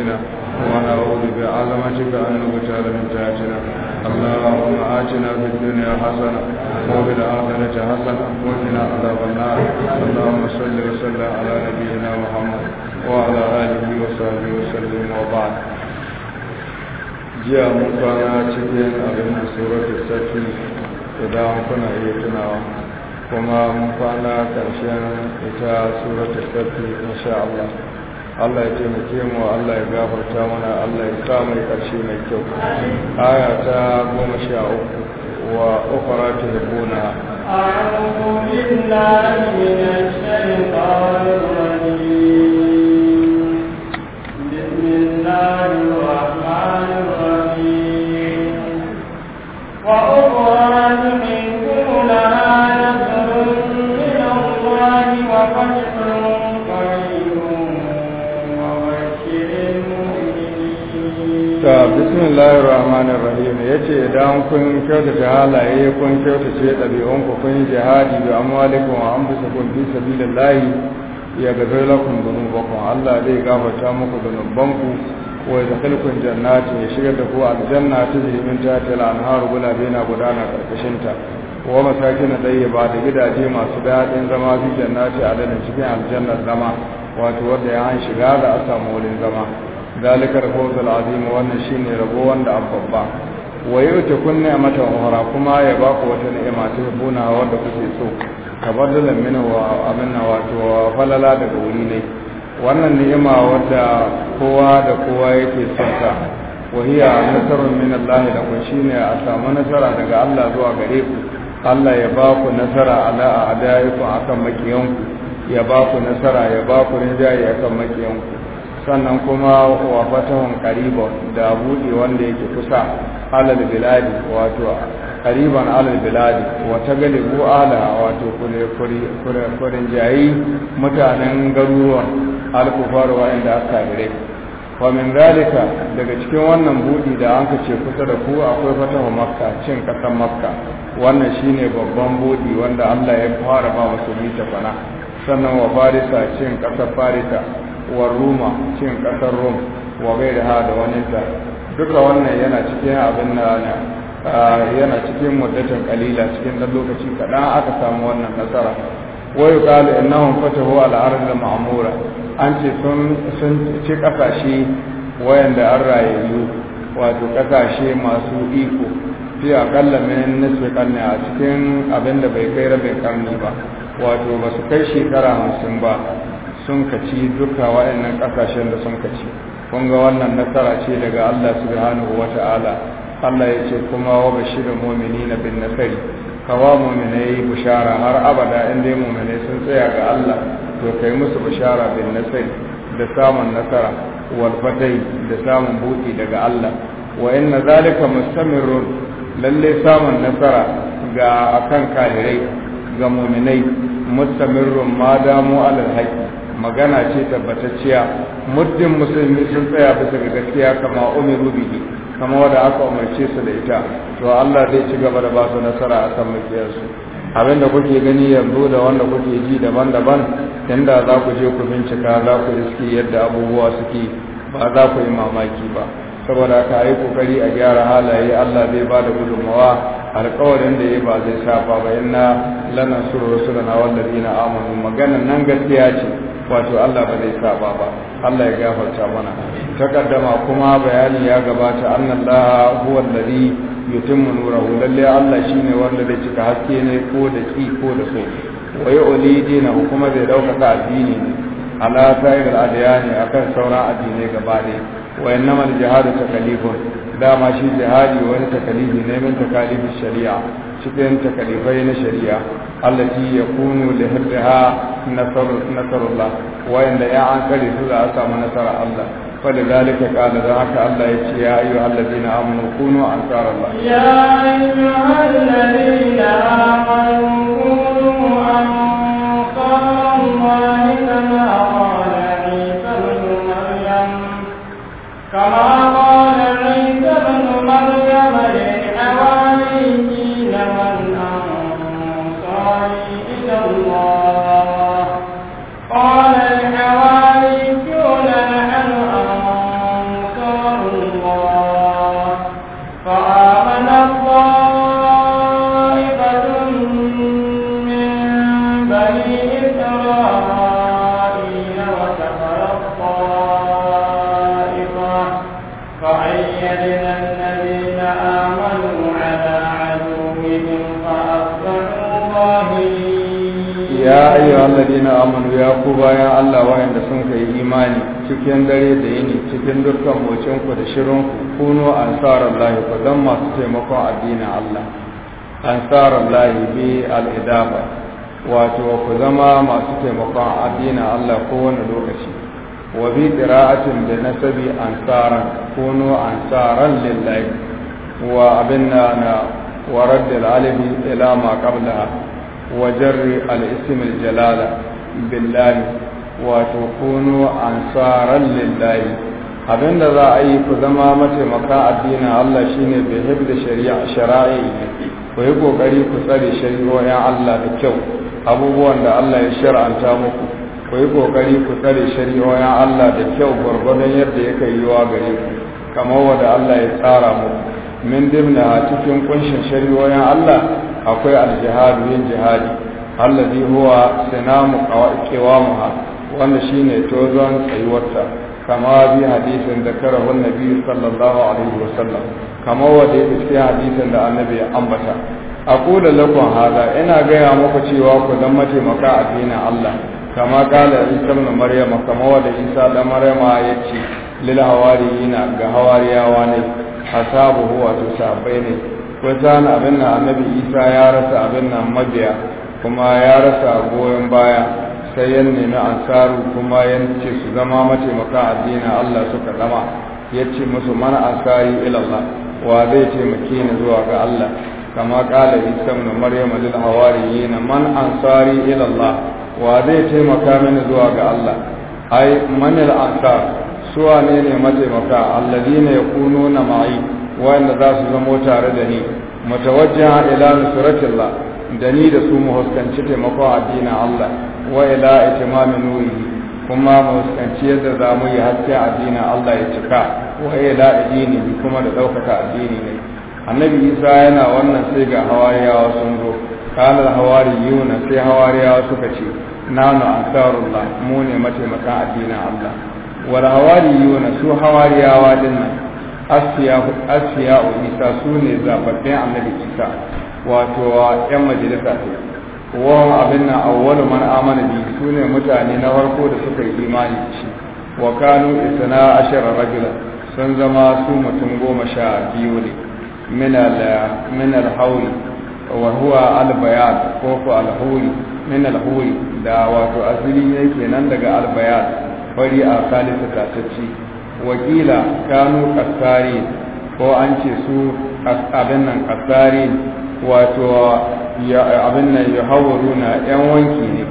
أنفسنا ونعوذ بعظمتك أن نغتال من تحتنا اللهم آتنا في الدنيا حسنة وفي الآخرة حسنة وقنا عذاب النار اللهم صل وسلم على نبينا محمد وعلى آله وصحبه وسلم وبعد jiya mun kwana cikin abin السكين suratu كنا idan kuma mun kwana ƙarshen ita suratu safi insha Allah Allah ya taimake mu Allah ya gafarta mana Allah ya kama ya mai kyau aya ta goma sha uku wa ukhra tuhibuna a'udhu billahi minash ta bismillahir rahmanir rahim ce idan kun ta halaye kun kyautace ɗabi'un ku kun jihadi bi amwalikum wa anfusikum fi sabilillahi ya gafir lakum dhunubakum Allah zai gafarta muku dhunubanku wa yadkhulukum jannatin ya shigar da ku aljanna ta min tahtiha al-anhar na baina gudana karkashin ta wa masakin tayyiba da gidaje masu daɗin zama fi jannati a cikin aljannar zama wato wanda ya an shiga da asamu wurin zama zalikar fawzul azim wannan shine rabo wanda an babba wa yuti mata ni'matan kuma ya baku wata ni'ima ta buna wanda kuke so tabaddalan minhu wa amanna wato falala daga wuri wannan ni'ima wadda kowa da kowa yake son ta wa hiya nasarun da kun ne a samu nasara daga Allah zuwa gare ku Allah ya baku ku nasara ala a'daikum akan makiyanku ya ba ku nasara ya ba ku rinjaye akan makiyanku sannan kuma wa fatahun qaribun da buɗe wanda yake kusa alal biladi wato qariban alal biladi wa tagalibu ala wato kure kure kure jayi mutanen garuruwan alkufar kufar wa inda aka gare wa min zalika daga cikin wannan buɗi da an ce kusa da ku akwai fatahu makka cin kasan makka wannan shine babban buɗi wanda Allah ya fara ba musulmi ta fana sannan wa farisa cin kasar farisa wa ruma cin kasar rum wa bai da da waninta duka wannan yana cikin abin da yana cikin muddatin kalila cikin dan lokaci kaɗan aka samu wannan nasara wayo kalu innahum fatahu ala ardil ma'mura an ce sun sun ci kasashe wayanda an rayayyu wato kasashe masu iko fi akalla min nisfi karni a cikin abinda bai kai rabin karni ba wato ba su kai shekara hamsin ba sun kaci duka waɗannan ƙasashen da sun kaci kun ga wannan nasara ce daga Allah subhanahu wa ta'ala Allah ya ce kuma wa bashirin mu'minina bin nasari kawa mu'minai bushara har abada in dai mu'minai sun tsaya ga Allah to kai musu bushara bin nasari da samun nasara wal fatai da samun buki daga Allah wa inna zalika mustamirrun lalle samun nasara ga akan kafirai ga mu'minai mustamirrun ma damu alal magana ce tabbatacciya muddin musulmi sun tsaya bisa ga gaskiya kama umiru bihi kama wanda aka umarce su da ita to Allah zai ci gaba da basu nasara a kan abin da kuke gani yanzu da wanda kuke ji daban-daban inda za ku je ku bincika za ku riski yadda abubuwa suke ba za ku yi mamaki ba saboda ka yi kokari a gyara halaye Allah zai ba da gudunmawa alkawarin da ya ba zai shafa ba inna lana suru rusulana wallazina amanu maganan nan gaskiya ce wato Allah ba zai saba ba Allah ya gafarta mana takaddama kuma bayani ya gabata annallahu huwa alladhi yutimmu nurahu lalle Allah shine wanda zai cika haske ne ko da ki ko da so wa yu'li dinahu kuma zai dauka addini ala sa'ir al-adiyani akan sauran addinai gaba ne wa innama jihadu takalifun dama shi jihadi wani takalifi ne min takalifin shari'a cikin takalifai na shari'a allati yakunu li hadha nasr nasrullah wa inda ya an kare su za a samu nasarar Allah fa da zalika kana da haka Allah ya ce ya ayu alladina amanu kunu ansarullah ya ayu alladina amanu kunu ansarullah kama فأيدنا الذين آمنوا على عدوهم فأصبحوا ظاهرين يا أيها الذين آمنوا يا قبا يا الله وإن سنك إيماني cikin dare da yini cikin dukkan mocinku da shirinku kuno ansarar lahi ku don masu taimakon addinin Allah ansarar lahi bi al'idaba wato ku zama masu taimakon addinin Allah kowane lokaci wa bi qira'atin bi nasabi ansaran kunu ansaran lillahi wa abinna na wa radd al-alif ila ma qablaha wa jarri al-ism al-jalala billahi wa tukunu ansaran lillahi abinda za a yi ku zama mataimaka addinin Allah shine bi hibda shari'a shara'i ku yi kokari ku tsare shari'o'in Allah da kyau abubuwan da Allah ya shar'anta muku ku yi kokari ku tsare shari'o'in Allah da kyau gwargwadon yadda ya kai yiwa gare ku kamar wanda Allah ya tsara muku min dimna a cikin kunshin shari'o'in Allah akwai aljihadu yin jihadi Allah zai huwa sinamu ha wanda shine tozon tsayuwarta kama bi hadisin da wani nabi sallallahu alaihi sallam kama wadda ya fi hadisin da annabi ya ambata kula lakon hada ina gaya muku cewa ku zama taimaka a dinin Allah kama kala isa ibn maryama kama wanda isa dan maryama ya ce lil hawariyina ga hawariyawa ne hasabu huwa to sabai ne kusan abin nan annabi isa ya rasa abin nan mabiya kuma ya rasa goyon baya sai ne na ansaru kuma ya ce su zama mataimaka addinin Allah suka zama ya ce musu mana ansari ilallah wa zai taimake ni zuwa ga Allah kama kala isa ibn maryama lil hawariyina man ansari ilallah wa zai taimaka mini zuwa ga Allah ai manil ansar suwa ne ne mataimaka ya kuno na ma'i wanda za su zamo tare da ni mutawajjiha ila nusratillah da ni da su mu huskanci taimako addinin Allah wa ila itimami nuri kuma mu huskanci yadda za mu yi haske addinin Allah ya cika wa ila dini kuma da ɗaukaka addini ne annabi Isa yana wannan sai ga hawariyawa sun zo qala al-hawariyuna sai hawariyawa suka ce nanu ansarullah mu ne mataimakan addinin Allah wal hawariyuna su hawariyawa nan. asfiya isa su ne zababbin annabi isa wato yan majalisa ce wawan abin nan awwalu man amana bi su ne mutane na farko da suka yi imani shi wa kanu isna ashara rajula sun zama su mutum goma sha biyu ne min al hawli wa huwa al bayan ko ko al hawli min huwi da wato asiri ne kenan daga albayat fari a salisu tatacci wakila kanu kasari ko an ce su abin nan kasari wato abin nan yuhawuruna yan wanki ne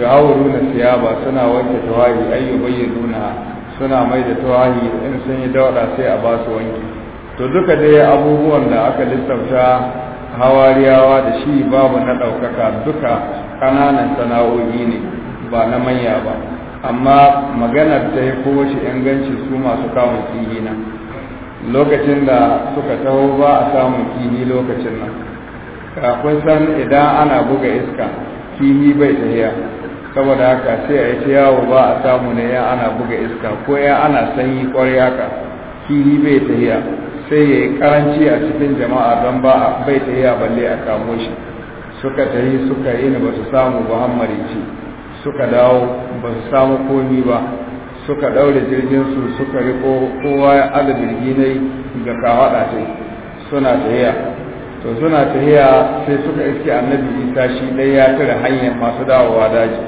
yuhawuruna siyaba suna wanke tawahi ayyu bayyana suna mai da tawahi in sun yi dauda sai a ba su wanki to duka dai abubuwan da aka lissafta hawariyawa da shi babu na ɗaukaka duka ƙananan sana'o'i ne ba na manya ba amma maganar ta yi kowace inganci su masu kamun kihi na lokacin da suka taho ba a samun kihi lokacin nan Kafin san idan ana buga iska kihi bai tahiya saboda haka sai a yi ta yawo ba a samu ne ya ana buga iska ko ya ana sanyi ƙwarya ka kihi bai tahiya sai ya yi karanci a cikin jama'a don ba a bai ta yi balle a kamo shi suka ta yi suka yi ba su samu ba ce suka dawo ba su samu komi ba suka daure jirginsu suka yi kowa ya aza birginai ga kawada ce suna tahiya to suna tahiya sai suka iske annabi isa shi dai ya tura hanyar masu dawowa daji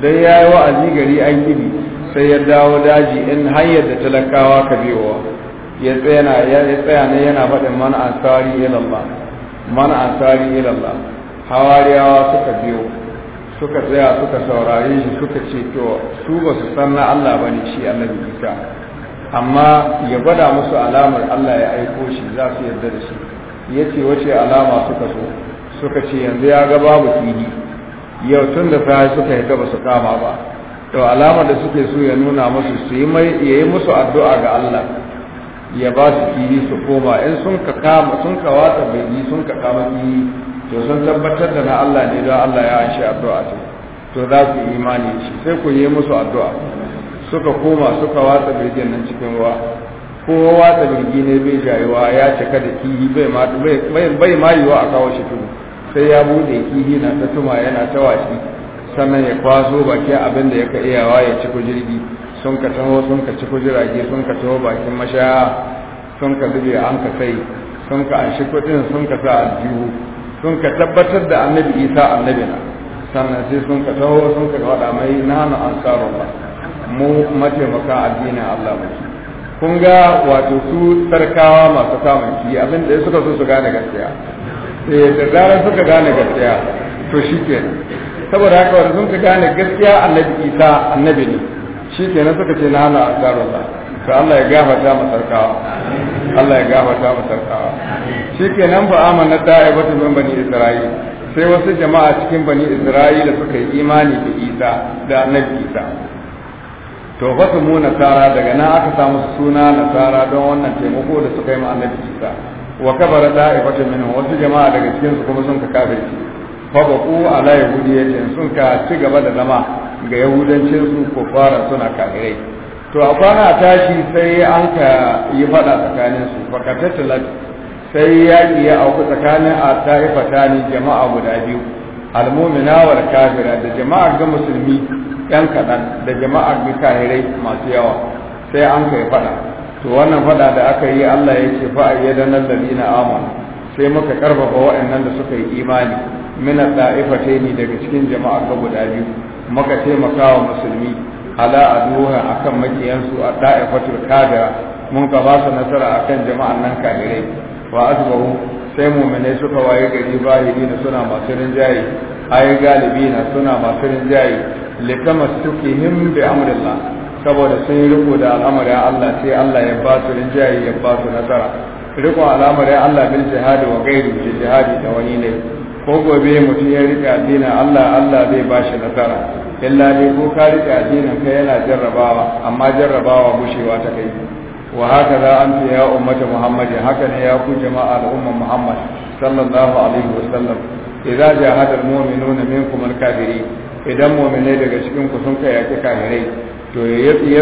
dai ya yi wa'azi gari an gini sai ya dawo daji in hanyar da talakawa ka biyowa ya tsaya ya tsaya ne yana faɗin man ansari ilallah man ansari ilallah hawariyawa suka biyo suka tsaya suka saurari shi suka ce to su ba su san na Allah bane shi annabi Isa amma ya gwada musu alamar Allah ya aiko shi za su yarda da shi yace wace alama suka so suka ce yanzu ya ga babu fili yau tun da fa suka yi ba su kama ba to alamar da suke so ya nuna musu su yi mai yayi musu addu'a ga Allah ya ba su fili su koma in sun ka kama sun ka watsa bai sun ka kama fili to sun tabbatar da na Allah ne don Allah ya anshi addu'a ta to za su imani shi sai ku yi musu addu'a suka koma suka watsa birgin nan cikin ruwa ko watsa birgi ne bai jayuwa ya cika da kihi bai ma yiwa a kawo shi tudu sai ya bude kihi na ta tuma yana ta sannan ya kwaso baki abin da ya ka iyawa ya ku jirgi sun ka taho sun ka ci kujirage sun ka taho bakin mashaya sun ka zube an ka kai sun ka anshi kudin sun ka sa aljihu sun ka tabbatar da annabi isa annabi na sannan sai sun ka taho sun ka wada mai nanu an karo ba mu mataimaka addinin allah mu kun ga wato su sarkawa masu samun ki abin da suka so su gane gaskiya sai da zarar suka gane gaskiya to shi saboda haka wanda sun ka gane gaskiya annabi isa annabi ne shi kenan suka ce na hana asararsa to Allah ya gafata masarkawa Allah ya gafata masarkawa shi kenan fa amana da'ibatu ban bani isra'il sai wasu jama'a cikin bani isra'ila suka yi imani da Isa da annabi Isa to fa su mu nasara daga nan aka samu suna nasara don wannan taimako da suka yi ma annabi Isa wa kabara da'ibatu min wasu jama'a daga cikin su kuma sun ka kafirci fa baqu ala yahudiyatin sun ka ci gaba da zama ga yahudancin su ko fara suna kafirai to a kwana tashi sai an ka yi fada tsakanin su talat sai yaƙi ya auku tsakanin a ta'ifatani jama'a guda biyu almumina wal kafira da jama'ar ga musulmi yan kaɗan da jama'ar ga kahirai masu yawa sai an ka yi fada to wannan fada da aka yi Allah ya ce fa ayyadan alladina amanu sai muka karfafa waɗannan da suka yi imani mina al-da'ifataini daga cikin jama'a ga guda biyu muka taimaka wa musulmi ala aduha akan makiyansu a da'ifatul kadira mun ka ba su nasara akan jama'an nan kafirai wa asbahu sai mu'minai suka waye gari bahiri na suna masu rinjaye ayi galibi na suna masu rinjaye likama him bi amrillah saboda sun riko da al'amarin Allah sai Allah ya ba su rinjaye ya ba su nasara riko al'amarin Allah bil jihadi wa gairi jihadi da wani ne ko gobe mutum ya rike addinin Allah Allah zai ba shi nasara illa dai ko ka rike addinin ka yana jarrabawa amma jarrabawa gushewa ta kai wa haka za an fi ya ummata Muhammad haka ne ya ku jama'a al'umma Muhammad sallallahu alaihi wasallam idza jahada almu'minuna minkum alkafirin idan mu'minai daga cikin ku sun kai yaki kafirai to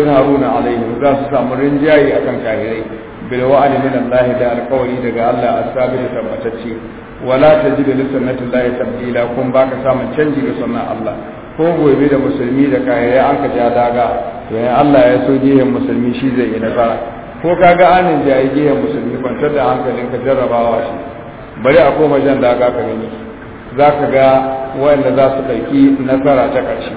Haruna alaihim za su samu rinjaye akan kafirai bil wa'd min Allah da alqawli daga Allah as-sabi tabbatacce wala ta ji da lissannatin lahi tabdila kun ba ka samun canji ga sannan Allah ko gobe da musulmi da kaya an ka ja daga to yan Allah ya so gehen musulmi shi zai yi nasara ko ka ga anin da ya gehen musulmi kwantar da hankalin ka jarrabawa shi bari a koma jan daga ka gani za ka ga wanda za su ɗauki nasara ta ƙarshe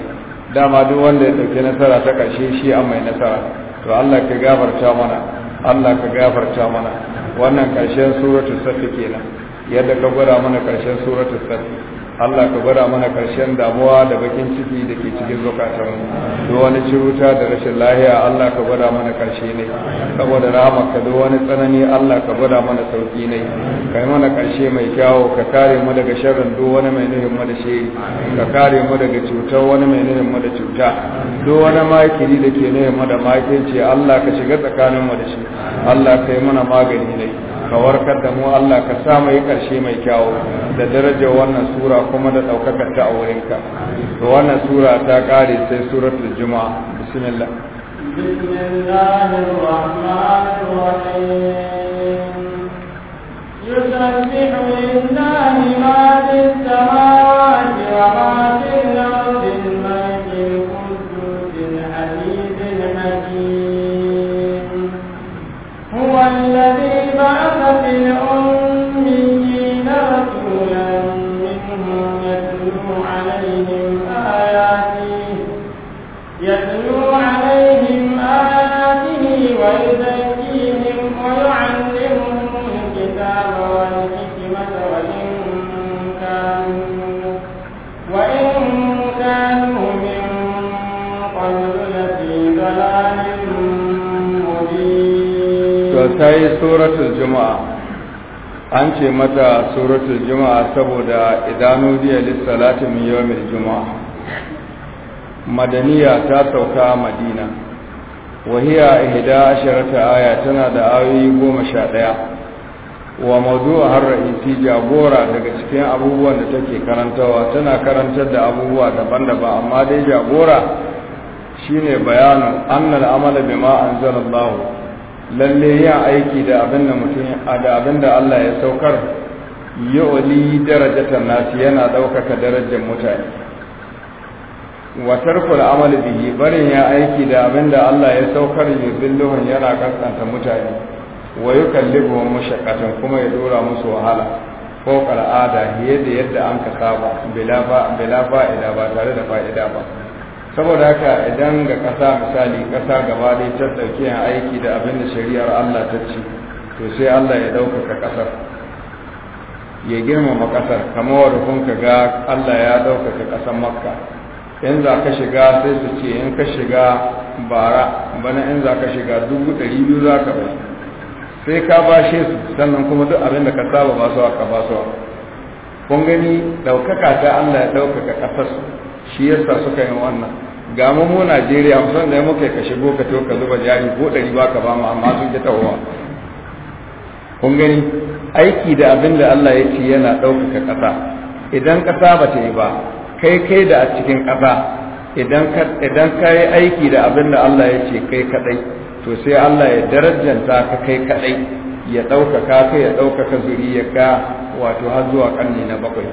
dama duk wanda ya ɗauki nasara ta ƙarshe shi an mai nasara to Allah ka gafarta mana Allah ka gafarta mana wannan ƙarshen suratul safi kenan yadda ka gwada mana karshen suratul safi Allah ka gwada mana karshen damuwa da bakin ciki da ke cikin mu. duk wani ciruta da rashin lahiya Allah ka gwada mana karshe ne saboda rahama ka duk wani tsanani Allah ka gwada mana sauki ne kai mana karshe mai kyawo ka kare mu daga sharrin duk wani mai nuhin mu da shi ka kare mu daga cutar wani mai nuhin mu da cuta duk wani makiri da ke nuhin mu da makirci Allah ka shiga tsakanin mu da shi Allah kai mana magani ne ka warkar da mu Allah ka sa mai karshe mai kyawu da daraja wannan sura kuma da daukakar ta a wurinka to wannan sura ta kare sai suratul juma'a bismillah bismillahir rahmanir rahim yusabbihu lillahi ma fis samawati wa ma fis ta yi suratul juma'a an ce mata suratul juma'a saboda idanudiya lissalati min yawmil juma'a madaniya ta sauka madina wahiya ihda asharata aya tana da ayoyi goma sha ɗaya wa mawdu'a har ra'isi jagora daga cikin abubuwan da take karantawa tana karantar da abubuwa daban-daban amma dai jagora shine bayanin annal amala bima anzalallahu lalle yin aiki da abin da mutum da abin da Allah ya saukar daraja ta nasi yana daukaka darajar mutane wa tarkul amali bihi barin ya aiki da abin da Allah ya saukar yuzilluhun yana kasanta mutane wa yukallibuhum mushaqqatan kuma ya dora musu wahala ko al'ada da yadda an ka saba bila fa'ida ba tare da fa'ida ba saboda haka idan ga ƙasa misali ƙasa gaba dai ta ɗauki yin aiki da abin da shari'ar Allah ta ci to sai Allah ya ɗaukaka ƙasar ya girmama ƙasar kamar wadda kun ka ga Allah ya ɗaukaka ƙasar makka in za ka shiga sai su ce in ka shiga bara bana in za ka shiga dubu ɗari biyu za ka bai sai ka bashe su sannan kuma duk abin da ka saba ba su ka ba su kun gani ɗaukaka ta Allah ya ɗaukaka ƙasar su shi yasa suka yi wannan ga mu mu Najeriya san da muka ka shigo ka to ka zuba jari ko dari ba ka ba mu amma sun ki tawowa kun gani aiki da abin da Allah ya ce yana ɗaukaka ƙasa idan ƙasa ba ta yi ba kai kai da a cikin ƙasa idan ka yi aiki da abin da Allah ya ce kai kaɗai to sai Allah ya darajanta ka kai kaɗai ya ɗaukaka ka ya ɗaukaka zuriyarka wato har zuwa kanni na bakwai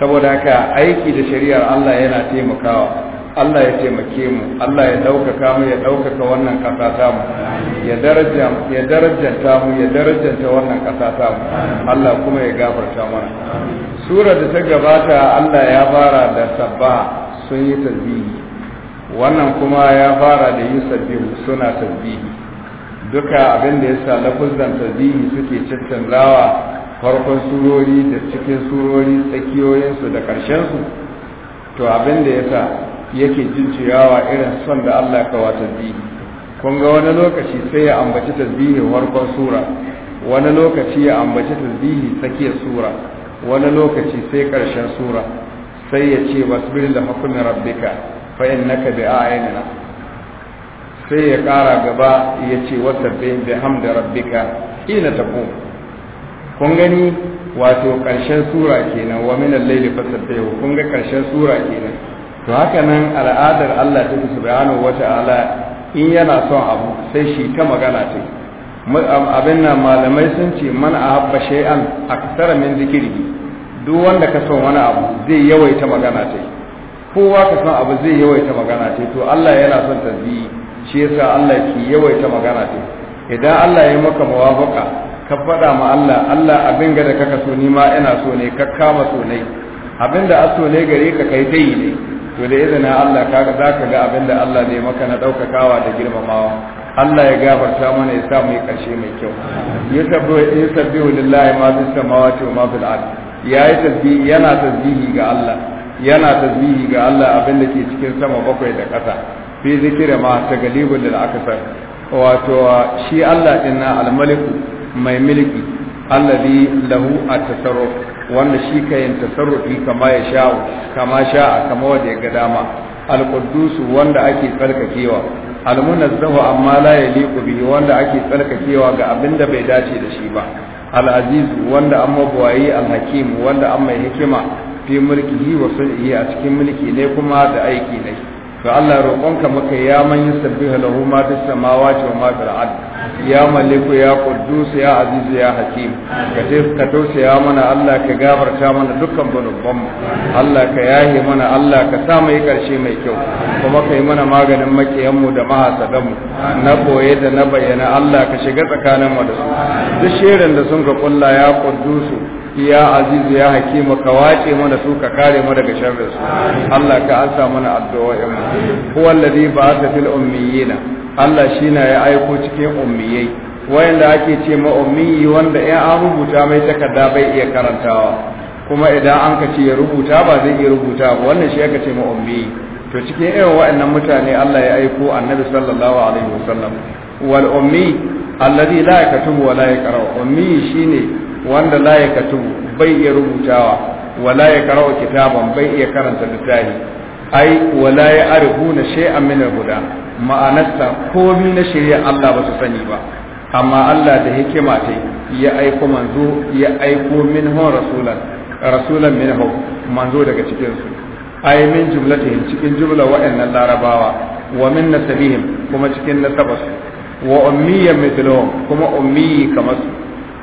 saboda haka aiki da shari'ar Allah yana taimakawa Allah ya taimake mu Allah ya ɗaukaka mu ya ɗaukaka wannan ƙasa ta mu ya daraja ya darajanta mu ya darajanta wannan ƙasa ta mu Allah kuma ya gafarta mana sura da ta gabata Allah ya fara da sabba sun yi tasbihi wannan kuma ya fara da yin sabbihi suna tasbihi duka abin da yasa lafuzan tasbihi suke rawa. farkon surori da cikin surori tsakiyoyinsu da ƙarshensu to abin da ya sa yake jin ciyawa irin son da Allah ka wata tasbihi kun ga wani lokaci sai ya ambaci tasbihin farkon sura wani lokaci ya ambaci tasbihi tsakiyar sura wani lokaci sai ƙarshen sura sai ya ce wasbir da hukumin rabbika fa innaka bi a'yinina sai ya ƙara gaba ya ce wasabbi bi hamdi rabbika ina taqum kun gani wato ƙarshen sura kenan wa minal al-layli fasabbihu kun ga ƙarshen sura kenan to haka nan al'adar Allah ta subhanahu wata'ala in yana son abu sai shi ta magana ce abin nan malamai sun ce man ahabba shay'an aktsara min zikri duk wanda ka son wani abu zai yawaita magana ce kowa ka son abu zai yawaita magana ce to Allah yana son tasbihi shi yasa Allah ke yawaita magana ce idan Allah ya maka mawafaka ka faɗa ma Allah Allah abin ga da kaka so ni ma ina so ne ka kama so ne abin da aso ne gare ka kai ta ne to da izinin Allah kaga za ga abin da Allah ne maka na kawa da girmamawa Allah ya gafarta mana ya sa mu yi ƙarshe mai kyau ya sabbihu lillahi ma fi samawati wa ma fil ard ya yi tasbihi yana tasbihi ga Allah yana tasbihi ga Allah abin da ke cikin sama bakwai da ƙasa fi zikira ma ta galibul akasar wato shi Allah dinna almaliku. al-maliku mai milki allazi lahu at-tasarruf wanda shi ka yin tasarrufi kama ya sha kama sha'a kama wanda ya ga dama al-quddus wanda ake tsarkakewa al-munazzahu amma la yaliqu bihi wanda ake tsarkakewa ga abinda bai dace da shi ba al-aziz wanda amma buwayi al-hakim wanda amma hikima fi mulkihi wa sulhi a cikin mulki ne kuma da aiki ne Ga Allah roƙonka maka ya man yusabbihu lahu ma fis samawati wa ma fil ard ya maliku ya quddus ya aziz ya hakim ka ce ka tausaya mana Allah ka gafarta mana dukkan zunuban mu Allah ka yahe mana Allah ka sa mu yi karshe mai kyau kuma ka yi mana maganin makiyan mu da mahasadan mu na boye da na bayyana Allah ka shiga tsakanin mu da su duk shirin da sun ka kulla ya quddusu ya azizu ya hakima ka wace mana su ka kare mu daga su Allah ka ansa mana addu'o'in mu huwa alladhi ba'atha fil ummiyina Allah shine ya aiko cikin ummiyai wayanda ake ce ma ummiyi wanda ya an rubuta mai takarda bai iya karantawa kuma idan an ka ce ya rubuta ba zai iya rubuta ba wannan shi aka ce ma ummiyi to cikin irin wa'annan mutane Allah ya aiko annabi sallallahu alaihi wasallam wal ummi alladhi la yaktubu wa la yaqra ummi shine wanda la ya katubu bai iya rubutawa wala ya karawa kitaban bai iya karanta littafi ai wala ya arhu na shay'an min al-huda ma'anarsa komi na shirya Allah ba su sani ba amma Allah da hikima ta ya aiko manzo ya aiko minhum rasulan rasulan minhum manzo daga cikin su ai min jumlatihim cikin jumla wa'annan larabawa wa min nasabihim kuma cikin nasabarsu wa ummiyyan mithluhum kuma ummi kamar su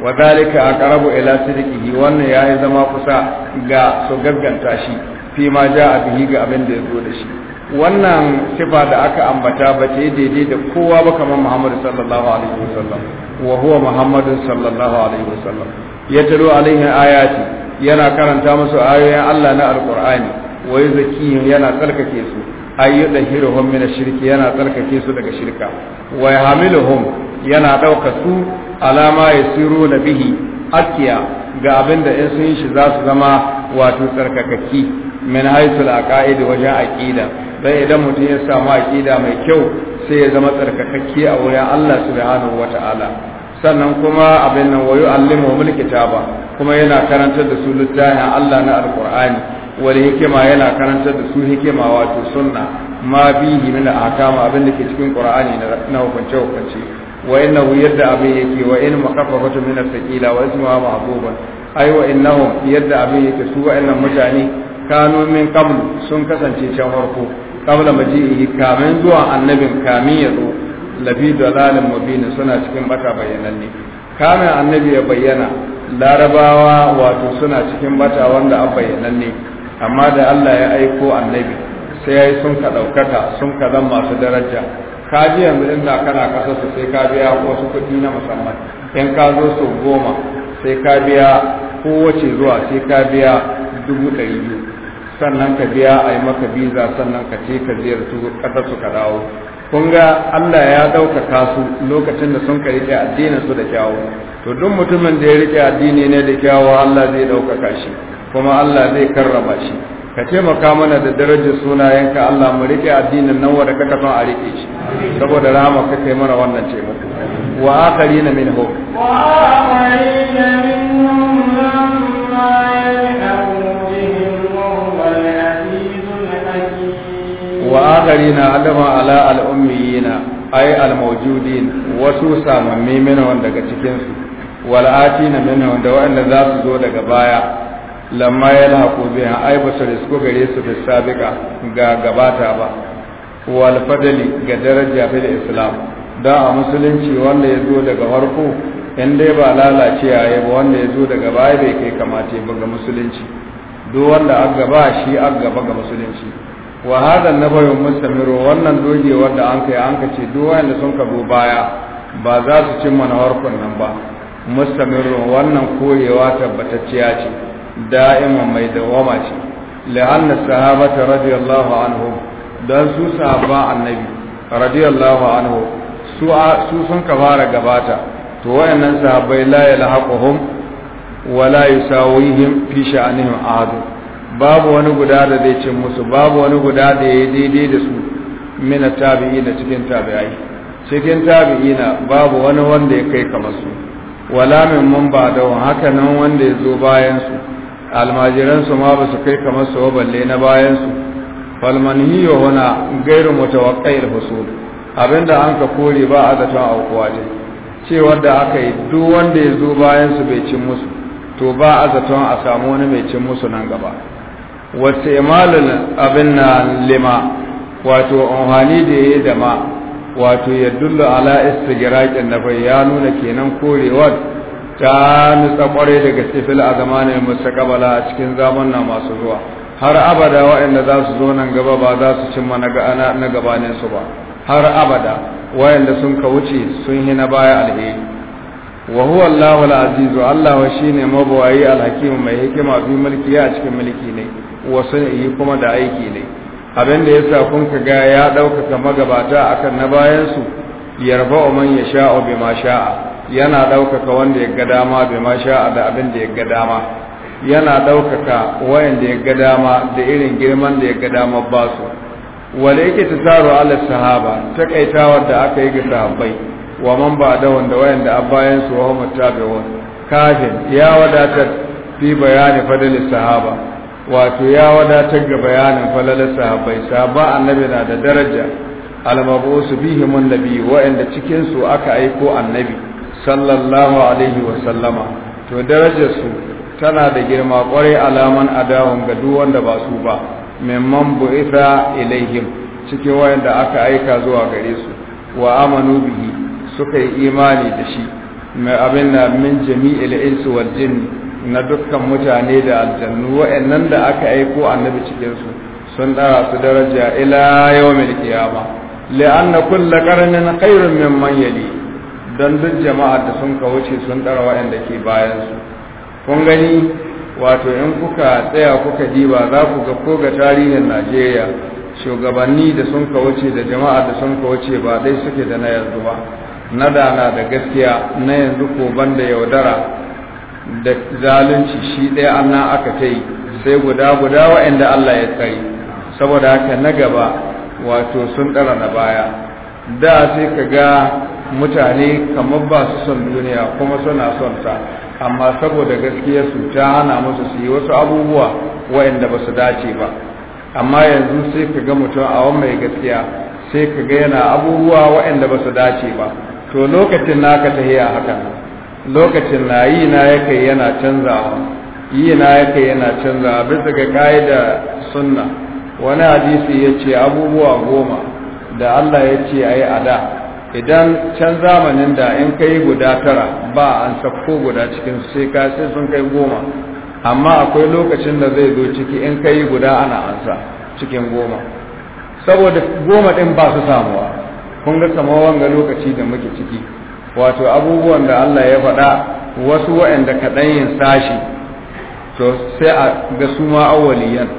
wa zalika aqrabu ila sidqihi wannan yayi zama kusa ga su gagganta shi fi ma ja bihi ga abin da yazo da shi wannan sifa da aka ambata ba ta daidai da kowa ba kamar Muhammad sallallahu alaihi wasallam wa huwa Muhammad sallallahu alaihi wasallam ya alaihi ayati yana karanta musu ayoyin Allah na alqur'ani wa yuzakihim yana tsarkake su ayyudan dahiruhum min shirki yana tsarkake su daga shirka wa yahmiluhum yana dauka su alama ya siro na bihi akiya ga abin da in sun shi za su zama wato tsarkakakki min a aqaid wajen aqida bai idan mutum ya samu aqida mai kyau sai ya zama tsarkakakki a wurin Allah subhanahu wataala sannan kuma abin nan wayu allimu mul kitaba kuma yana karantar da su littafin Allah na alqur'ani wal hikima yana karantar da su hikima wato sunna ma bihi min ahkam abin da ke cikin qur'ani na hukunce hukunce wa innahu yadda abin yake wa in makaffafatu min as-saqila wa ismuha ma'quban ai wa innahum yadda abin yake su wa'annan mutane kanu min qablu sun kasance can farko qabla maji'i kamin zuwa annabin kamin ya zo labi dalalin mubin suna cikin bata ne. kamin annabi ya bayyana larabawa wato suna cikin bata wanda an ne. amma da Allah ya aiko annabi sai sun ka daukaka sun ka zama masu daraja ka ji yanzu inda kana kasa su sai ka biya wasu kuɗi na musamman in ka zo su goma sai ka biya kowace zuwa sai ka biya dubu ɗari biyu sannan ka biya a yi maka biza sannan ka ce ka ziyarci su ka dawo kun ga Allah ya ɗaukaka su lokacin da sun ka riƙe addinin su da kyawu to duk mutumin da ya riƙe addini ne da kyawu Allah zai ɗaukaka shi kuma Allah zai karrama shi ka taimaka mana da darajar sunayenka Allah mu rike addinin nan wanda kaka son a rike shi saboda rama ka kai mana wannan ce muku wa akharina minhu wa akharina minhum lamma wa huwa na adama ala al-ummiyina ay al-mawjudin wasu samammi mina wanda daga cikin su wal atina mina wanda wa'anda za su zo daga baya lamma ya lahaku biya ai ba su risko gare su da sabika ga gabata ba wal fadali ga daraja fil islam da a musulunci wanda ya zo daga farko in dai ba lalace ya yi ba wanda ya zo daga baya bai kai kamace ba ga musulunci duk wanda an gaba shi an gaba ga musulunci wa hada nabayun mustamiru wannan dogewar da an kai an kace duk wanda sun ka baya ba za su cimma na farkon nan ba mustamiru wannan koyewa tabbatacciya ce da'ima mai dawama ce la'anna sahabata radiyallahu anhu dan su sahaba annabi radiyallahu anhu su sun kafara gabata to wayannan sahabbai la yalhaquhum wa la yusawihim fi sha'anihim ahad babu wani guda da zai cin babu wani guda da ya daidai da su min tabi'ina cikin tabi'ai cikin tabi'ina babu wani wanda ya kai kamar su wala min mun ba da haka nan wanda ya zo bayan su almajiransu ma ba su kai kamar su balle na bayansu falmanhiyo wana gairu mutawaqqai husul abinda an ka kore ba a zaton aukuwa ne cewar da aka yi duk wanda ya zo bayansu bai cin musu to ba a zaton a samu wani mai cin musu nan gaba wasu imalul abin na lima wato amfani da ya yi da wato ya dullu ta istigirakin na bai ya nuna kenan korewa? ta nutsa kware daga gaske a zamanin mustaqbala a cikin zaman na masu zuwa har abada waɗanda za su zo nan gaba ba za su cimma na gabanin su ba har abada waɗanda sun ka wuce sun hina baya alheri wa huwa Allahu al-azizu Allah shine mabawai al mai hikima bi mulki a cikin mulki ne wa sun'i kuma da aiki ne abin da yasa kun ka ga ya ɗaukaka magabata akan na bayan su yarba man yasha'u bima sha'a yana ɗaukaka wanda ya ga dama bai ma sha da abin da ya ga dama yana ɗaukaka wayanda ya ga dama da irin girman da ya ga dama ba su wanda yake taro ala sahaba takaitawar da aka yi ga sahabbai wa man ba da wanda wayanda a bayan su wa wani? kafin ya wadatar fi bayani fadalin sahaba wato ya wadatar ga bayanin falalar sahabbai sahaba annabi na da daraja al-mabusu bihim annabi wa'anda cikin su aka aiko annabi sallallahu alaihi wa sallama to darajar su tana da girma kwarai alaman adawun ga duk wanda ba su ba memman bu'itha ilaihim cikin wayanda aka aika zuwa gare su wa amanu bihi suka yi imani da shi mai abin na min jami'il insu wal jin na dukkan mutane da aljannu wa'annan da aka aiko annabi cikin su sun dara su daraja ila yawmil qiyamah li'anna kull qarnin khairun mimman yali don duk jama'ar da sun ka wuce sun ɗara waɗanda ke bayansu kun gani wato in kuka tsaya kuka diba za ku ga ko ga tarihin najeriya shugabanni da sun ka wuce da jama'ar da sun ka wuce ba dai suke da na yanzu ba na dana da gaskiya na yanzu ko ban da yaudara da zalunci shi ɗaya an na aka kai sai guda guda waɗanda allah ya tsari saboda haka na gaba wato sun ɗara na baya da sai ka ga mutane kamar ba su son duniya kuma suna son ta amma saboda su ta hana musu su yi wasu abubuwa waɗanda ba su dace ba amma yanzu sai ka ga mutum a wani mai gaskiya sai ka ga yana abubuwa waɗanda ba su dace ba to lokacin naka ta a hakan lokacin na yi na yake yana canzawa yi na yake yana canzawa bisa ga ka'ida sunna wani hadisi ya ce abubuwa goma da Allah ya ce a yi a da idan can zamanin da in kai guda tara ba an sakko guda cikin sai ka sai sun kai goma amma akwai lokacin da zai zo ciki in kai guda ana ansa cikin goma saboda goma ɗin ba su samuwa kun ga samawan ga lokaci da muke ciki wato abubuwan da Allah ya faɗa wasu waanda kaɗan yin sashi to sai a ga su ma awwaliyan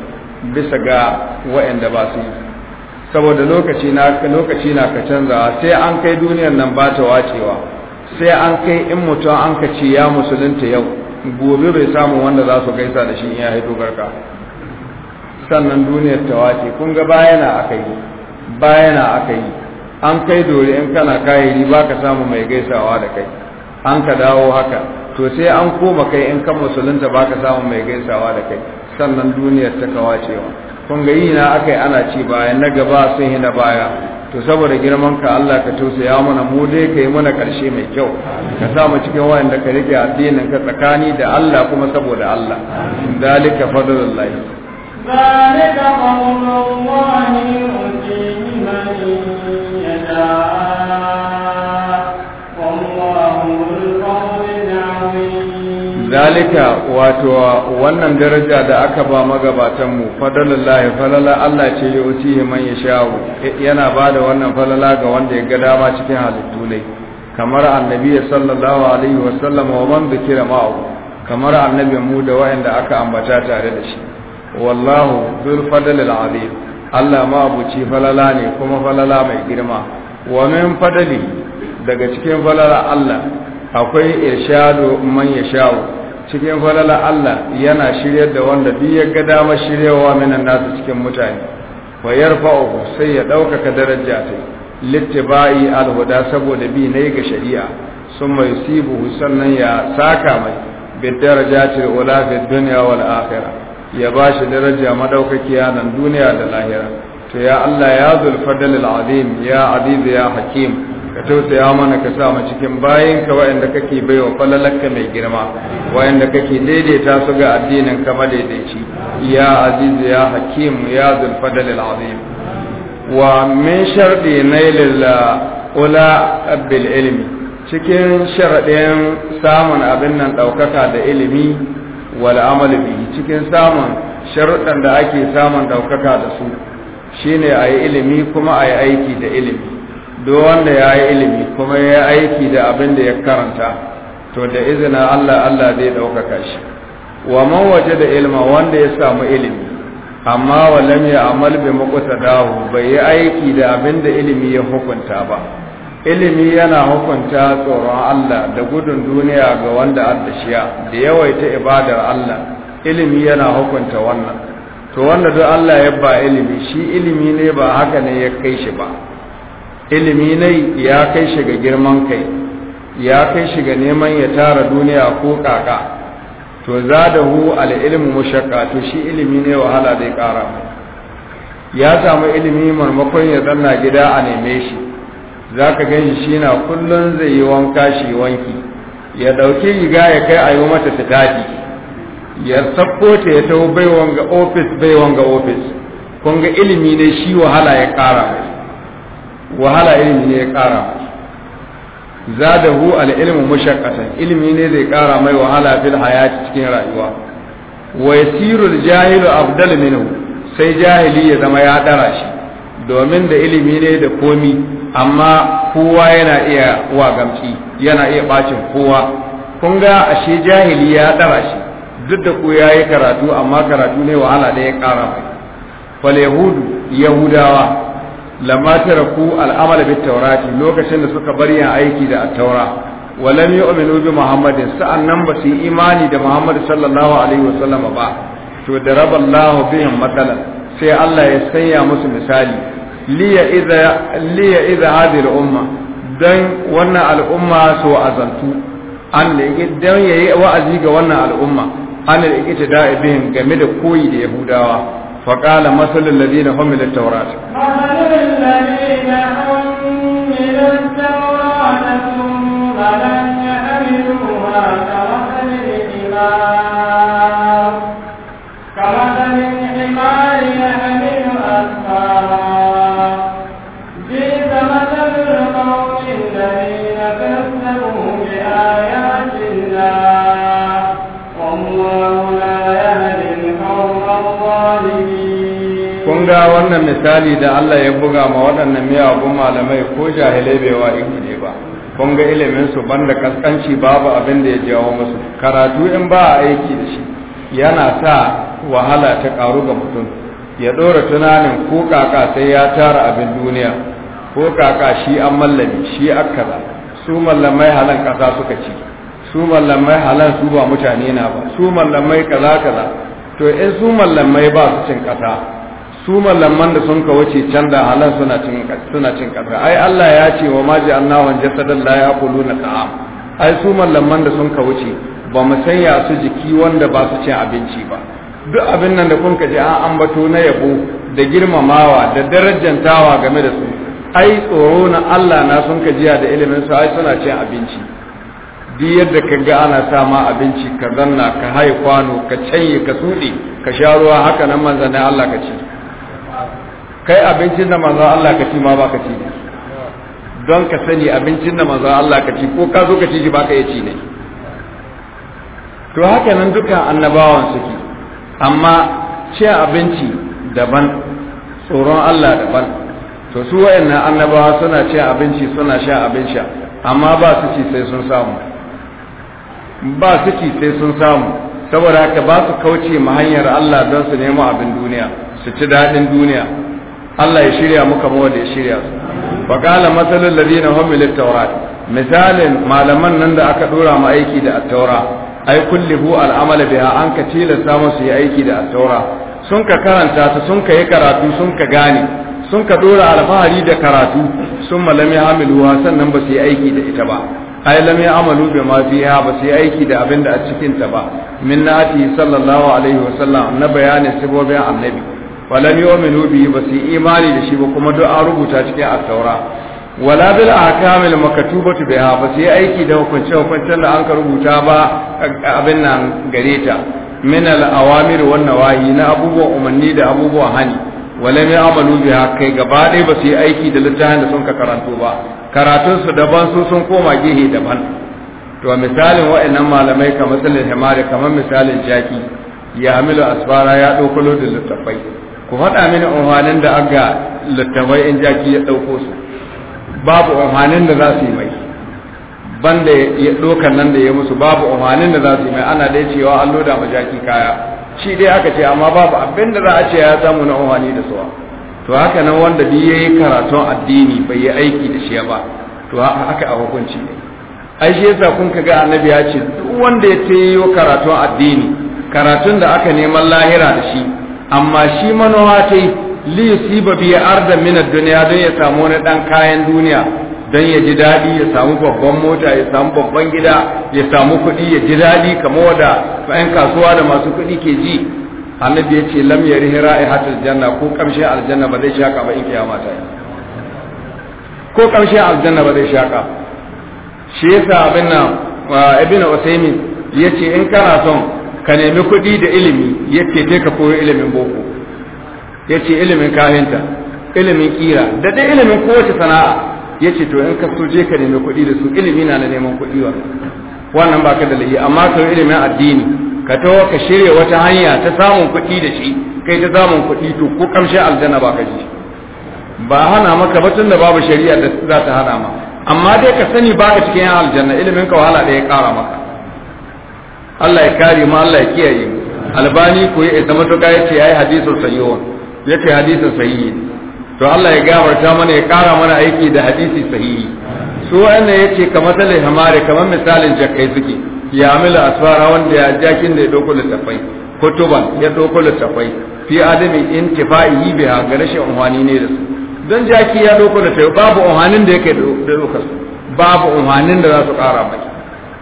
bisa ga waɗanda ba su yi saboda lokaci na lokaci na ka canza sai an kai duniyar nan ba ta wacewa sai an kai in mutum an ka ce ya musulunta yau gobe bai samu wanda za su gaisa da shi in ya haifo garka sannan duniyar ta wace kun ga bayana aka yi bayana aka yi an kai dore in kana kayiri ba ka samu mai gaisawa da kai an ka dawo haka to sai an koma kai in kan musulunta ba ka samu mai gaisawa da kai sannan duniyar ta kawacewa kun ga yi na aka yi ana ci bayan na gaba sun yi na baya to saboda girman ka Allah ka tausaya mana mu dai ka yi mana karshe mai kyau ka sa mu cikin wayanda ka rike addinin ka tsakani da Allah kuma saboda Allah dalika fadlullahi zalika qawlullahi yu'tihi zalika wato wannan daraja da aka ba magabatan mu fadalallahi falala Allah ce ya uti man ya sha'u yana ba da wannan falala ga wanda ya ga dama cikin halittu ne kamar annabi sallallahu alaihi wasallam wa man bikira ma'u kamar annabi mu da wanda aka ambata tare da shi wallahu dul fadlil azim Allah ma ci falala ne kuma falala mai girma wa min fadali daga cikin falala Allah akwai irshadu man ya sha'u cikin falala Allah yana shiryar da wanda duk ya ga dama shiryawa minan nasu cikin mutane wa yarfa'u sai ya ɗaukaka daraja ta littibai alhuda saboda bi ne ga shari'a sun mai sibu sannan ya saka mai bi daraja ula fi dunya wal akhirah ya shi daraja madaukakiya nan duniya da lahira to ya Allah ya zulfadalil azim ya aziz ya hakim ka tausaya mana ka sa mu cikin ka wa'anda kake baiwa falalaka mai girma waanda kake daidaita su ga addinin ka madaidaici ya azizu ya hakim ya da azim wa min sharɗi nailil uh, ula bil ilmi cikin sharadin samun abin nan ɗaukaka da ilimi wal amal bi cikin samun sharuɗan da ake samun ɗaukaka da su shine a yi ilimi kuma a yi aiki da ilimi duk wanda ya yi ilimi kuma ya yi aiki da abin da ya karanta to da izina Allah Allah zai ɗaukaka shi wa man waje da ilma wanda ya samu ilimi amma wa walam ya amal bi dawo bai yi aiki da abin da ilimi ya hukunta ba ilimi yana hukunta tsoron Allah da gudun duniya ga wanda addashiya da yawaita ibadar Allah ilimi yana hukunta wannan to wanda duk Allah ya ba ilimi shi ilimi ne ba haka ne ya kai shi ba ilimi ne ya kai shi ga girman kai ya kai shi ga neman ya tara duniya ko kaka to za da hu ilimin mushakka to shi ilimi ne wahala zai kara ya samu ilimi marmakon ya zanna gida a neme shi za ka gan shi na kullum zai yi wanka shi wanki ya ɗauki riga ya kai a yi mata fitaki ya sabko ta ya taho bai wanga ofis bai wanga ofis kun ga ilimi ne shi wahala ya kara wahala ilimi ne ya kara zadahu al ilmu mushaqqatan ilimi ne zai ƙara mai wahala fil hayati cikin rayuwa wa yasiru al jahilu afdal minhu sai jahili ya zama ya dara shi domin da ilimi ne da komi amma kowa yana iya wagamci yana iya bacin kowa kun ga ashe jahili ya dara shi duk da ko yayi karatu amma karatu ne wahala da ya kara mai fal yahudu yahudawa lamma taraku al'amala bit tawrati lokacin da suka bari yin aiki da at-taura wa lam yu'minu bi muhammadin sa'annan ba su imani da muhammad sallallahu alaihi wa sallam ba to da raballahu bihim matala sai Allah ya sanya musu misali liya idza liya idza hadhihi al-umma dan wannan al'umma su azantu an da dan yayi wa'azi ga wannan al'umma an da yake da game da koyi da yahudawa فقال مثل الذين حملوا التوراة مثل الذين حملوا التوراة ثم لم يحملوها misali da Allah ya buga ma waɗannan miyagun malamai ko jahilai bai wa ne ba kun ga ilimin su banda kaskanci babu abin da ya jawo musu karatu in ba a aiki da shi yana sa wahala ta karu ga mutum ya ɗora tunanin ko kaka sai ya tara abin duniya ko kaka shi an mallami shi za su mallamai halan ƙasa suka ci su mallamai halan su ba mutane na ba su mallamai kaza kaza to in su mallamai ba su cin ƙasa su mallaman da sun ka wuce can da halal suna cin kasa ai Allah ya ce wa ma ja'alna wa jasadan la na ta'am ai su mallaman da sun ka wuce ba mu sanya su jiki wanda ba su cin abinci ba duk abin nan da kun ka ji an ambato na yabo da girmamawa da darajantawa game da su ai tsoro na Allah na sun ka jiya da ilimin su ai suna cin abinci duk yadda ka ga ana sa ma abinci ka zanna ka hai kwano ka canye ka suɗe ka sha ruwa haka nan manzanin Allah ka ci kai abincin da manzo Allah ka ci ma ba ka ci ne don ka sani abincin da manzo Allah ka ci ko ka zo ka ci shi ba ka iya ci ne to haka nan dukkan annabawan suke amma ce abinci daban tsoron Allah daban to su wayannan annabawa suna ce abinci suna sha abin sha amma ba su ci sai sun samu ba su ci sai sun samu saboda haka ba su kauce ma hanyar Allah don su nemo abin duniya su ci daɗin duniya Allah ya shirya muka mu da ya shirya su wa qala masalul ladina hum lit tawrat misalin malaman nan da aka dora mu aiki da at-taura ai kullihu al-amala biha an ka tilasta su yi aiki da at-taura sun ka karanta ta sun ka yi karatu sun ka gane sun ka dora alfahari da karatu sun malami hamiluwa sannan ba su yi aiki da ita ba ai lam ya'malu bima fiha ba su yi aiki da abin da a cikin ta ba min nati sallallahu alaihi sallam na bayanin sibobin annabi falam yu'minu bi ba su imani da shi ba kuma duk an rubuta cikin at-taura wala bil ahkamil maktubatu biha ba su aiki da hukunci-hukunci da an ka rubuta ba abin nan gare ta min al awamir wan nawahi na abubuwan umarni da abubuwan hani walam ya'malu biha kai gaba ɗaya ba su aiki da littafin da sun ka karanto ba karatun su daban su sun koma gehe daban to misalin wa'annan malamai kamar misalin himari kamar misalin jaki ya hamilu asfara ya ɗauko da littattafai. ku faɗa mini umarnin da ga littafai in jaki ya ɗauko su babu umarnin da za su yi mai banda ya ɗokan nan da ya musu babu umarnin da za su yi mai ana dai cewa an loda ma jaki kaya shi dai aka ce amma babu abin da za a ce ya samu na umarni da suwa to haka nan wanda duk ya yi karatun addini bai yi aiki da shi ba to haka a hukunci ne ai shi yasa kun ga annabi ya ce duk wanda ya yi karatun addini karatun da aka neman lahira da shi amma shi manowa ta yi li ba bi arda min duniya don ya samu wani dan kayan duniya don ya ji daɗi ya samu babban mota ya samu babban gida ya samu kuɗi ya ji daɗi kamar wada ƴan kasuwa da masu kuɗi ke ji annabi ya ce lam yari hatar janna ko kamshin aljanna ba zai shaka ba in kiyama ta yi ko kamshin aljanna ba zai shaka shi yasa abin nan ibnu ya ce in kana son ka nemi kuɗi da ilimi yace ce ka koyi ilimin boko ya ce ilimin kahinta, ilimin kira da dai ilimin kowace sana'a ya ce to in ka so je ka nemi kuɗi da su ilimi na na neman kuɗi wa wannan ka da lahi amma ka yi ilimin addini ka taho ka shirya wata hanya ta samun kuɗi da shi kai ta samun kuɗi to ko kamshin aljanna ba ka ji ba hana maka ba da babu shari'a da za ta hana ma amma dai ka sani ba baka cikin yan aljanna ilimin ka wahala da ya kara maka Allah ya kare mu Allah ya kiyaye mu albani ko ya isa matuƙa yace yayi hadisin sahihi yace hadisin sahihi to Allah ya gafarta mana ya kara mana aiki da hadisi sahihi su wannan yace kamar talai hamare kamar misalin jakai suke ya amila asfara wanda ya jakin da ya da littafai kutuban ya dauko littafai fi adamin intifa'i biya ga rashin umhani ne da su don jaki ya da littafai babu umhanin da yake da su babu umhanin da za su kara mai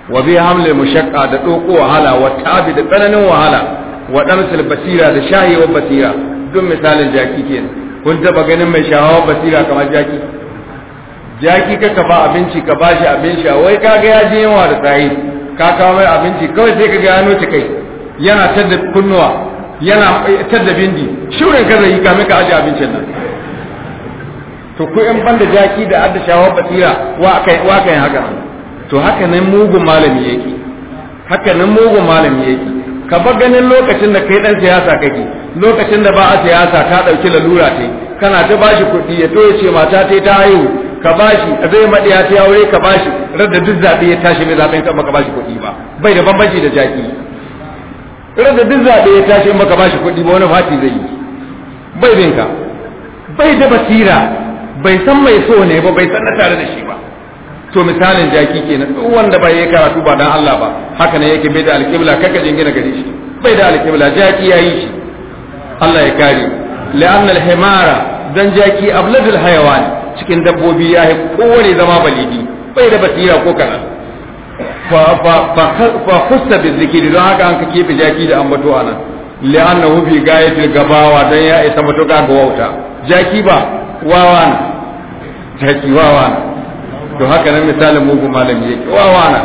wa bi hamle mushaqqa da doko wahala wa tabi da tsananin wahala wa damsil basira da wa basira duk misalin jaki kenan kun taba ganin mai shahawar basira kamar jaki jaki ka ka ba abinci ka ba shi abin sha wai ka ga ya ji yawa da tsayi ka kawo mai abinci kawai sai ka ga ya noce kai yana tadda kunnuwa yana tadda bindi shirin ka zai yi kame ka aje abincin nan to ku in banda jaki da adda shawar basira wa kai wa kai haka to haka nan mugun malami yake haka nan mugun malami yake ka bar ganin lokacin da kai dan siyasa kake lokacin da ba a siyasa ka dauki lalura tai kana ta bashi kuɗi ya to ya ce mata tai ta haihu ka bashi zai madiya ta aure ka bashi radda duk zabe ya tashi mai zaben ka maka bashi kuɗi ba bai da bambanci da jaki radda duk zabe ya tashi maka bashi kuɗi ba wani fati zai yi bai binka bai da basira bai san mai so ne ba bai san na tare da shi to misalin jaki kenan duk wanda bai yi karatu ba dan Allah ba haka ne yake bai da alƙibla kaka jingina gare shi bai da alƙibla jaki yayi shi Allah ya kare li'anna al-himara dan jaki abladul hayawan cikin dabbobi yayi kowane zama balidi bai da basira ko kana fa fa fa khussa bi don haka an ka kefe jaki da ambato anan hu bi gayatil gabawa dan ya isa matuka ga wauta jaki ba wawan jaki wawan to haka nan misalin mugun malami yake wawana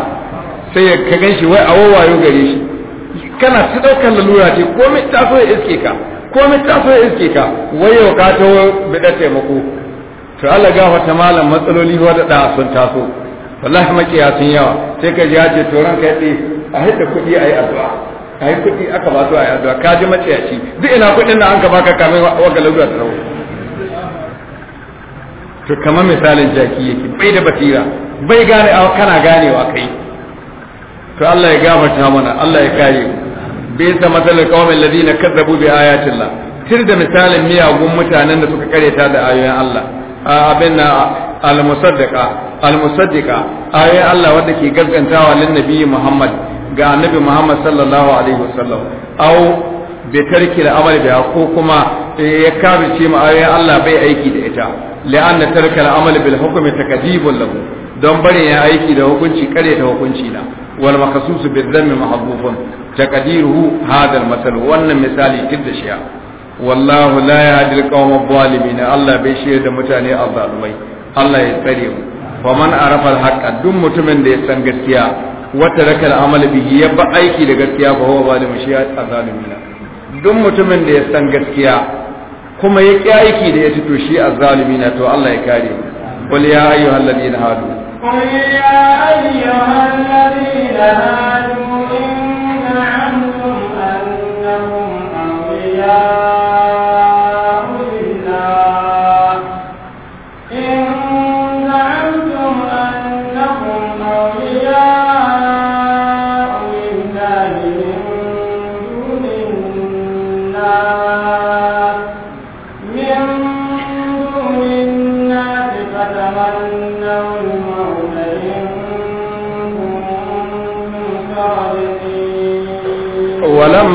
sai ya ka ganshi wai a wawayo gare shi kana ta ɗaukar lalura ce komai ta so ya iske ka komai ta so ya iske ka wai yau ka ta bida taimako to Allah wata malam matsaloli da sun taso wallahi makiya sun yawa sai ka ji ya ce to ka ya a hidda kuɗi a yi addu'a a yi kuɗi aka ba su a yi addu'a ka ji matsayaci duk ina kuɗin da an ka baka kamar wa ga lalura ta rawo to kamar misalin jaki yake bai da basira bai gane kana ganewa kai to Allah ya gafarta mana Allah ya kare mu bai ta masalar kawai ladina kazzabu bi ayatin Allah tir da misalin miyagun mutanen da suka kareta da ayoyin Allah abin na al almusaddiqa al ayoyin Allah wanda ke gaskantawa lin nabi Muhammad ga annabi Muhammad sallallahu alaihi wasallam au bi tarki al-amal biha ko kuma eh, ya ce mu ayoyin Allah bai aiki da ita li'anna tarkal amal bil hukmi takdibun lahu don bari ya aiki da hukunci kare ta hukunci na wal maqsusu bil dhammi mahdhufun taqdiruhu hadha al masal wannan misali kidda shiya wallahu la yahdi al qawm adh-dhalimin Allah bai shirya da mutane azzalumai Allah ya tsare mu fa man arafa al duk mutumin da ya san gaskiya aiki da gaskiya shi duk mutumin da ya san gaskiya kuma ya ƙi aiki da ya ci to shi azzalimi na to Allah ya kare qul ya ayyuhal ladina hadu qul ya ayyuhal ladina hadu in za'amtum annahum awliya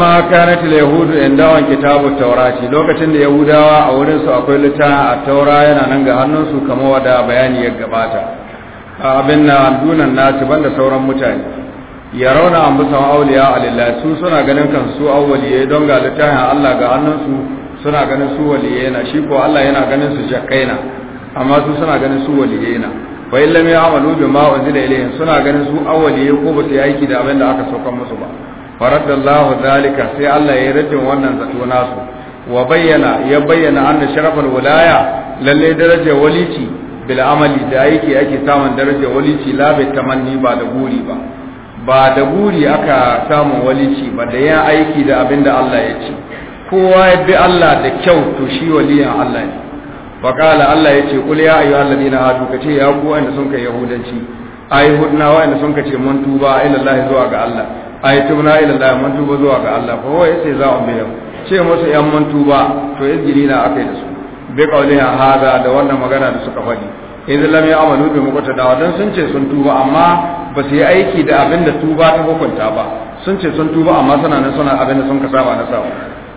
lamma kanat yahudu indawan kitabu taurati lokacin da yahudawa a wurin su akwai littafin a taura yana nan ga hannun su kamar wada bayani ya gabata abin na dunan nasu banda sauran mutane ya rauna an busa auliya alillah su suna ganin kan su awwaliye don ga littafin Allah ga hannun su suna ganin su waliye na shi ko Allah yana ganin su jakkaina amma su suna ganin su waliye na fa illam ya'malu bima unzila ilayhim suna ganin su awwaliye ko ba su yi aiki da abin da aka saukar musu ba faradallahu dalika sai Allah ya rajin wannan zato nasu wa bayyana ya bayyana anna sharafal wilaya lalle daraja walici bil amali da yake ake samun daraja walici la bi tamanni ba da guri ba ba da guri aka samun walici ba da yan aiki da abinda Allah ya ce kowa ya bi Allah da kyau to shi waliyan Allah ne faqala Allah ya ce qul ya ayyuhalladhina hadu kace ya ku wanda sun kai yahudanci ai hudna wanda sun kace mun tuba ila Allah zuwa ga Allah ai na ila Allah mun tuba zuwa ga Allah ko wai sai za a biya ce musu yan mun tuba to izgiri na akai da su bi qawliha hada da wannan magana da suka faɗi idan lam ya'malu bi muqtada don sun ce sun tuba amma ba su yi aiki da abin da tuba ta hukunta ba sun ce sun tuba amma suna nan suna abin da sun ka saba na saba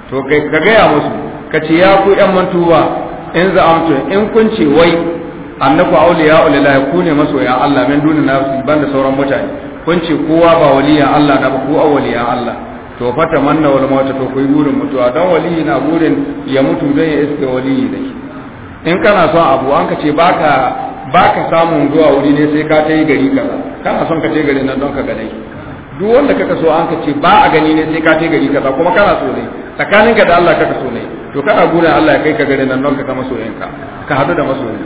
to kai ka gaya musu ka ce ya ku yan mun tuba in mutu in kun ce wai annaku auliya ulilahi ku ne masoya Allah min dunin nasu banda sauran mutane kun ce kowa ba waliya Allah na ba ko awliya Allah to fa manna wal mauta to ku burin mutuwa dan waliyi na burin ya mutu zai iske waliyi dake in kana son abu an ka ce baka baka samun zuwa wuri ne sai ka ta yi gari kaza kana son ka tai gari nan don ka ga dai duk wanda kaka so an ka ce ba a gani ne sai ka ta yi gari kaza kuma kana so ne tsakanin ka da Allah kaka so ne to kana gura Allah ya kai ka gari nan don ka ga masoyinka ka hadu da masoyi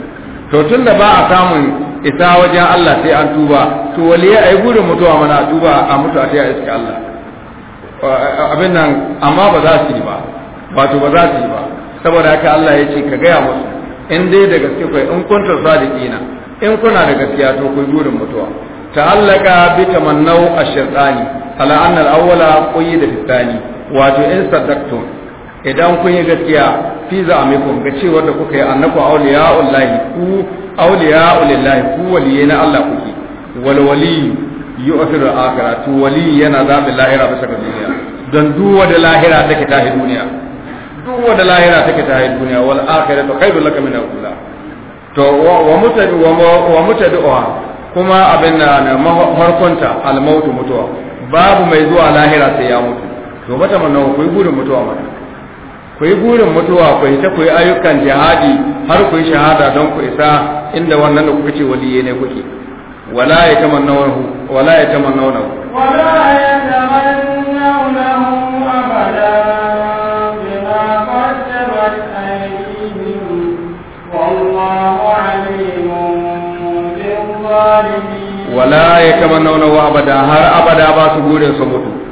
to tunda ba a samun isa wajen Allah sai an tuba to waliya ai burin mutuwa mana a tuba a mutu a tayar iska Allah abin nan amma ba za su yi ba wato ba za su yi ba saboda haka Allah ya ce ka gaya musu in dai da gaske kai in kunta sadiqina in kuna da gaskiya to ku burin mutuwa ta'allaka bi tamannau ash-shaytani ala anna al-awwala qayyida fi wato in saddaqtum idan kun yi gaskiya fi za'amikum ga cewa da kuka yi annaku awliya wallahi ku awliya ulillahi ku waliye na Allah kuke wal wali yu'thiru akhiratu wali yana zabi lahira bisa ga duniya dan duwa da lahira take tahi duniya duwa da lahira take tahi duniya wal akhiratu khairul laka min al-ula to wa mutadu wa mutadu'a kuma abin na farkonta al-mautu mutuwa babu mai zuwa lahira sai ya mutu to bata manna ku yi gudun mutuwa ma. ku yi burin mutuwa ku yi ta ku yi ayyukan jihadi har ku yi shahada don ku isa inda wannan ku kuka ce waliye ne kuke wala ya tamannahu wala ya tamannahu wala ya tamannahu abada bima qaddamat aydihim wallahu alimun bil zalimin wala ya tamannahu abada har abada ba su burin su mutu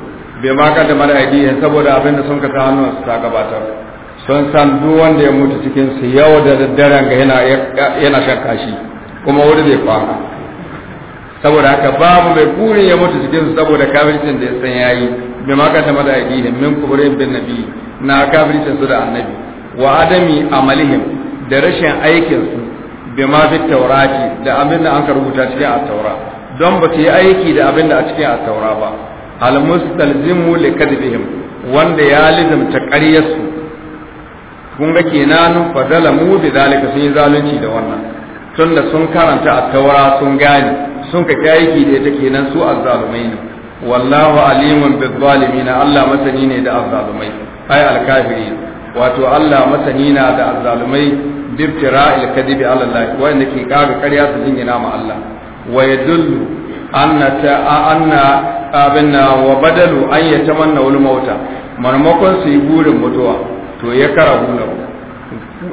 bai ma kaddamar ya saboda abin da sun ka ta hannun su ta gabatar sun san duk wanda ya mutu cikin su yau da daddaren ga yana yana shakka shi kuma wuri bai fa saboda haka babu mai burin ya mutu cikin su saboda kafircin da ya san yayi bai ma kaddamar aidiya min kubrin bin nabi na kafircin su da annabi wa adami amalihim da rashin aikin su bai ma fi taurati da abin da an ka rubuta cikin a taura don ba ta yi aiki da abin da a cikin a taura ba almustalzimu li kadibihim wanda ya lizamta ƙaryarsu kun ga kenan fa zalamu bi zalika sun yi zalunci da wannan tunda sun karanta a taura sun gane sun ka kayyaki da ita kenan su azzalumai ne wallahu alimun bi zalimin Allah masani ne da azzalumai ai al wato Allah masani na da azzalumai bi tira'il kadibi ala Allah wanda ke kaga ƙarya su jingina ma Allah wa yadullu anna ta anna abinna wa badalu an manna wal mauta marmakon su yi burin mutuwa to ya karahu na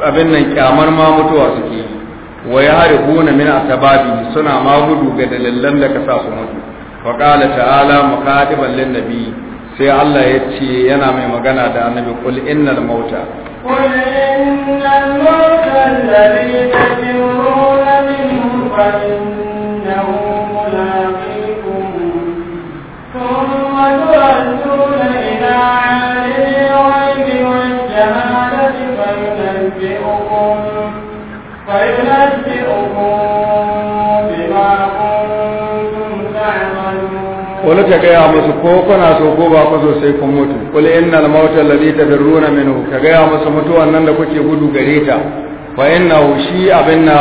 abin nan kyamar ma mutuwa suke yi wa ya haribuna min asbabi suna ma gudu ga dalilan da ka sa su mutu wa qala ta'ala muqatiban lin nabi sai Allah ya ce yana mai magana da annabi kul innal mauta kul innal mauta alladhi minhu fa innahu wani ta gaya musu ko kuna so ko ba ku so sai kun mutu kul innal mautal ladhi tadarruna minhu ka gaya musu mutuwan nan da kuke gudu gare ta fa innahu shi abin na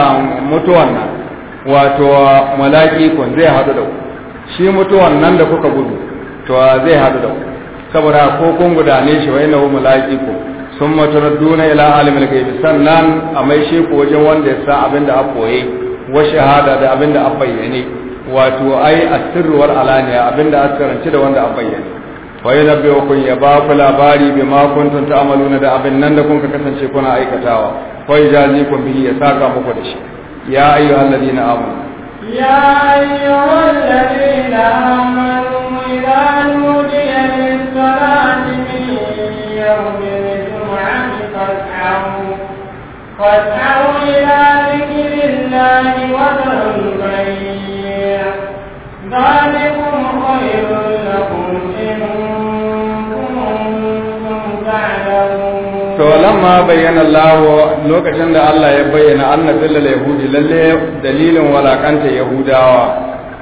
mutuwan nan wato malaki kun zai hadu da ku shi mutuwan nan da kuka gudu to zai hadu da ku saboda ko kun gudane shi wa innahu malaki ku sun maturadduna ila alimul ghaibi sannan a mai shi ku wajen wanda ya sa abin da a koyi wa shahada da abin da a bayyane wato ai a asirruwar alaniya da aka karanci da wanda an bayyana wa yana biyo kun ya ba ku labari bi ma kuntum ta'maluna da abin nan da kun ka kasance kuna aikatawa fa yajazi kun bihi ya saka muku da shi ya ayyuhal ladina amanu ya ayyuhal ladina amanu idza nudiya lis salati min yawmil jum'ati fas'au fas'au ila dhikrillahi wa dharul bayt ذلكم lamma bayyana Allah lokacin da Allah ya bayyana annabin yahudi lalle dalilin walakanta yahudawa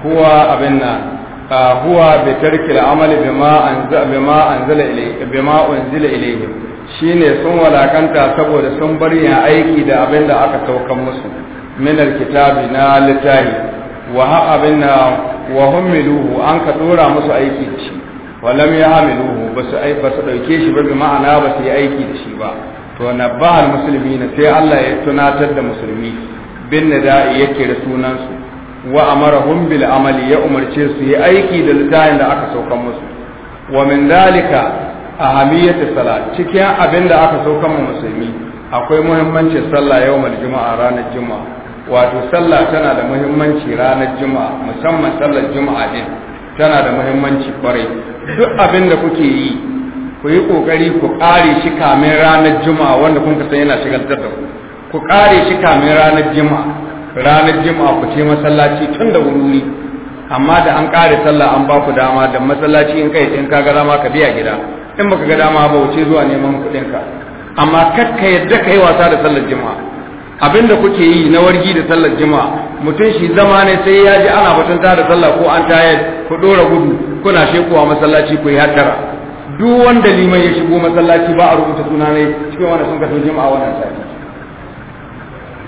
huwa abin nan huwa bi tarki al'amali bima anza bima anzala ilayhi bima unzila ilayhi shine sun walakanta saboda sun bar yin aiki da abin da aka saukan musu min alkitabi na littafi wa ha abin na wa hummiluhu an ka dora musu aiki da shi wa lam yahmiluhu basu ai basu dauke shi ba bi ma'ana ba su yi aiki da shi ba to Musulmi na sai Allah ya tunatar da musulmi bin nada'i yake da sunan su wa amarahum bil amali ya umarce su yi aiki da littafin da aka saukan musu wa min dalika ahamiyatu salat cikin abin da aka saukan musulmi akwai muhimmancin sallah mal juma'a ranar juma'a wato sallah tana da muhimmanci ranar juma'a musamman sallar juma'a din tana da muhimmanci kwarai duk abin da kuke yi ku yi kokari ku kare shi kamin ranar juma'a wanda kun san yana shigar da ku ku kare shi kamin ranar juma'a ranar juma'a ku ce masallaci tun da wuri amma da an kare sallah an ba ku dama da masallaci in kai in ka ga dama ka biya gida in baka ga dama ba wuce zuwa neman kuɗinka amma kakka yadda ka yi wasa da sallar juma'a abinda kuke yi na wargi da sallar juma'a mutum shi zama ne sai ya ji ana batun da sallah ko an yadda ku dora gudu kuna shekuwa masallaci ku yi hattara duk wanda liman ya shigo masallaci ba a rubuta suna ne cikin wani sun kaso juma'a wannan sati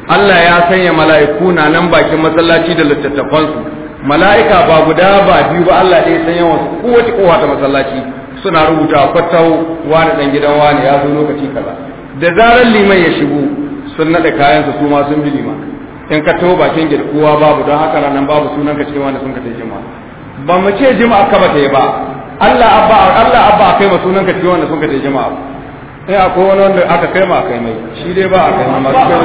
Allah ya sanya mala'iku na nan bakin masallaci da littattafansu mala'ika ba guda ba biyu ba Allah ɗaya sanya wasu kowace kowa ta masallaci suna rubuta kwatau wani dan gidan wani ya zo lokaci kaza da zarar liman ya shigo sun nada kayan su kuma sun bi lima in ka tawo bakin gida kowa babu don haka ranan babu sunan ka cikin wanda sun ka tafi jima ba mu ce jima'a ka ba ta yi ba Allah abba Allah abba a kai ma sunan ka cikin wanda sun ka tafi jima'a sai eh, akwai wani wanda aka kai ma kai mai shi dai ba a kai ma masu kai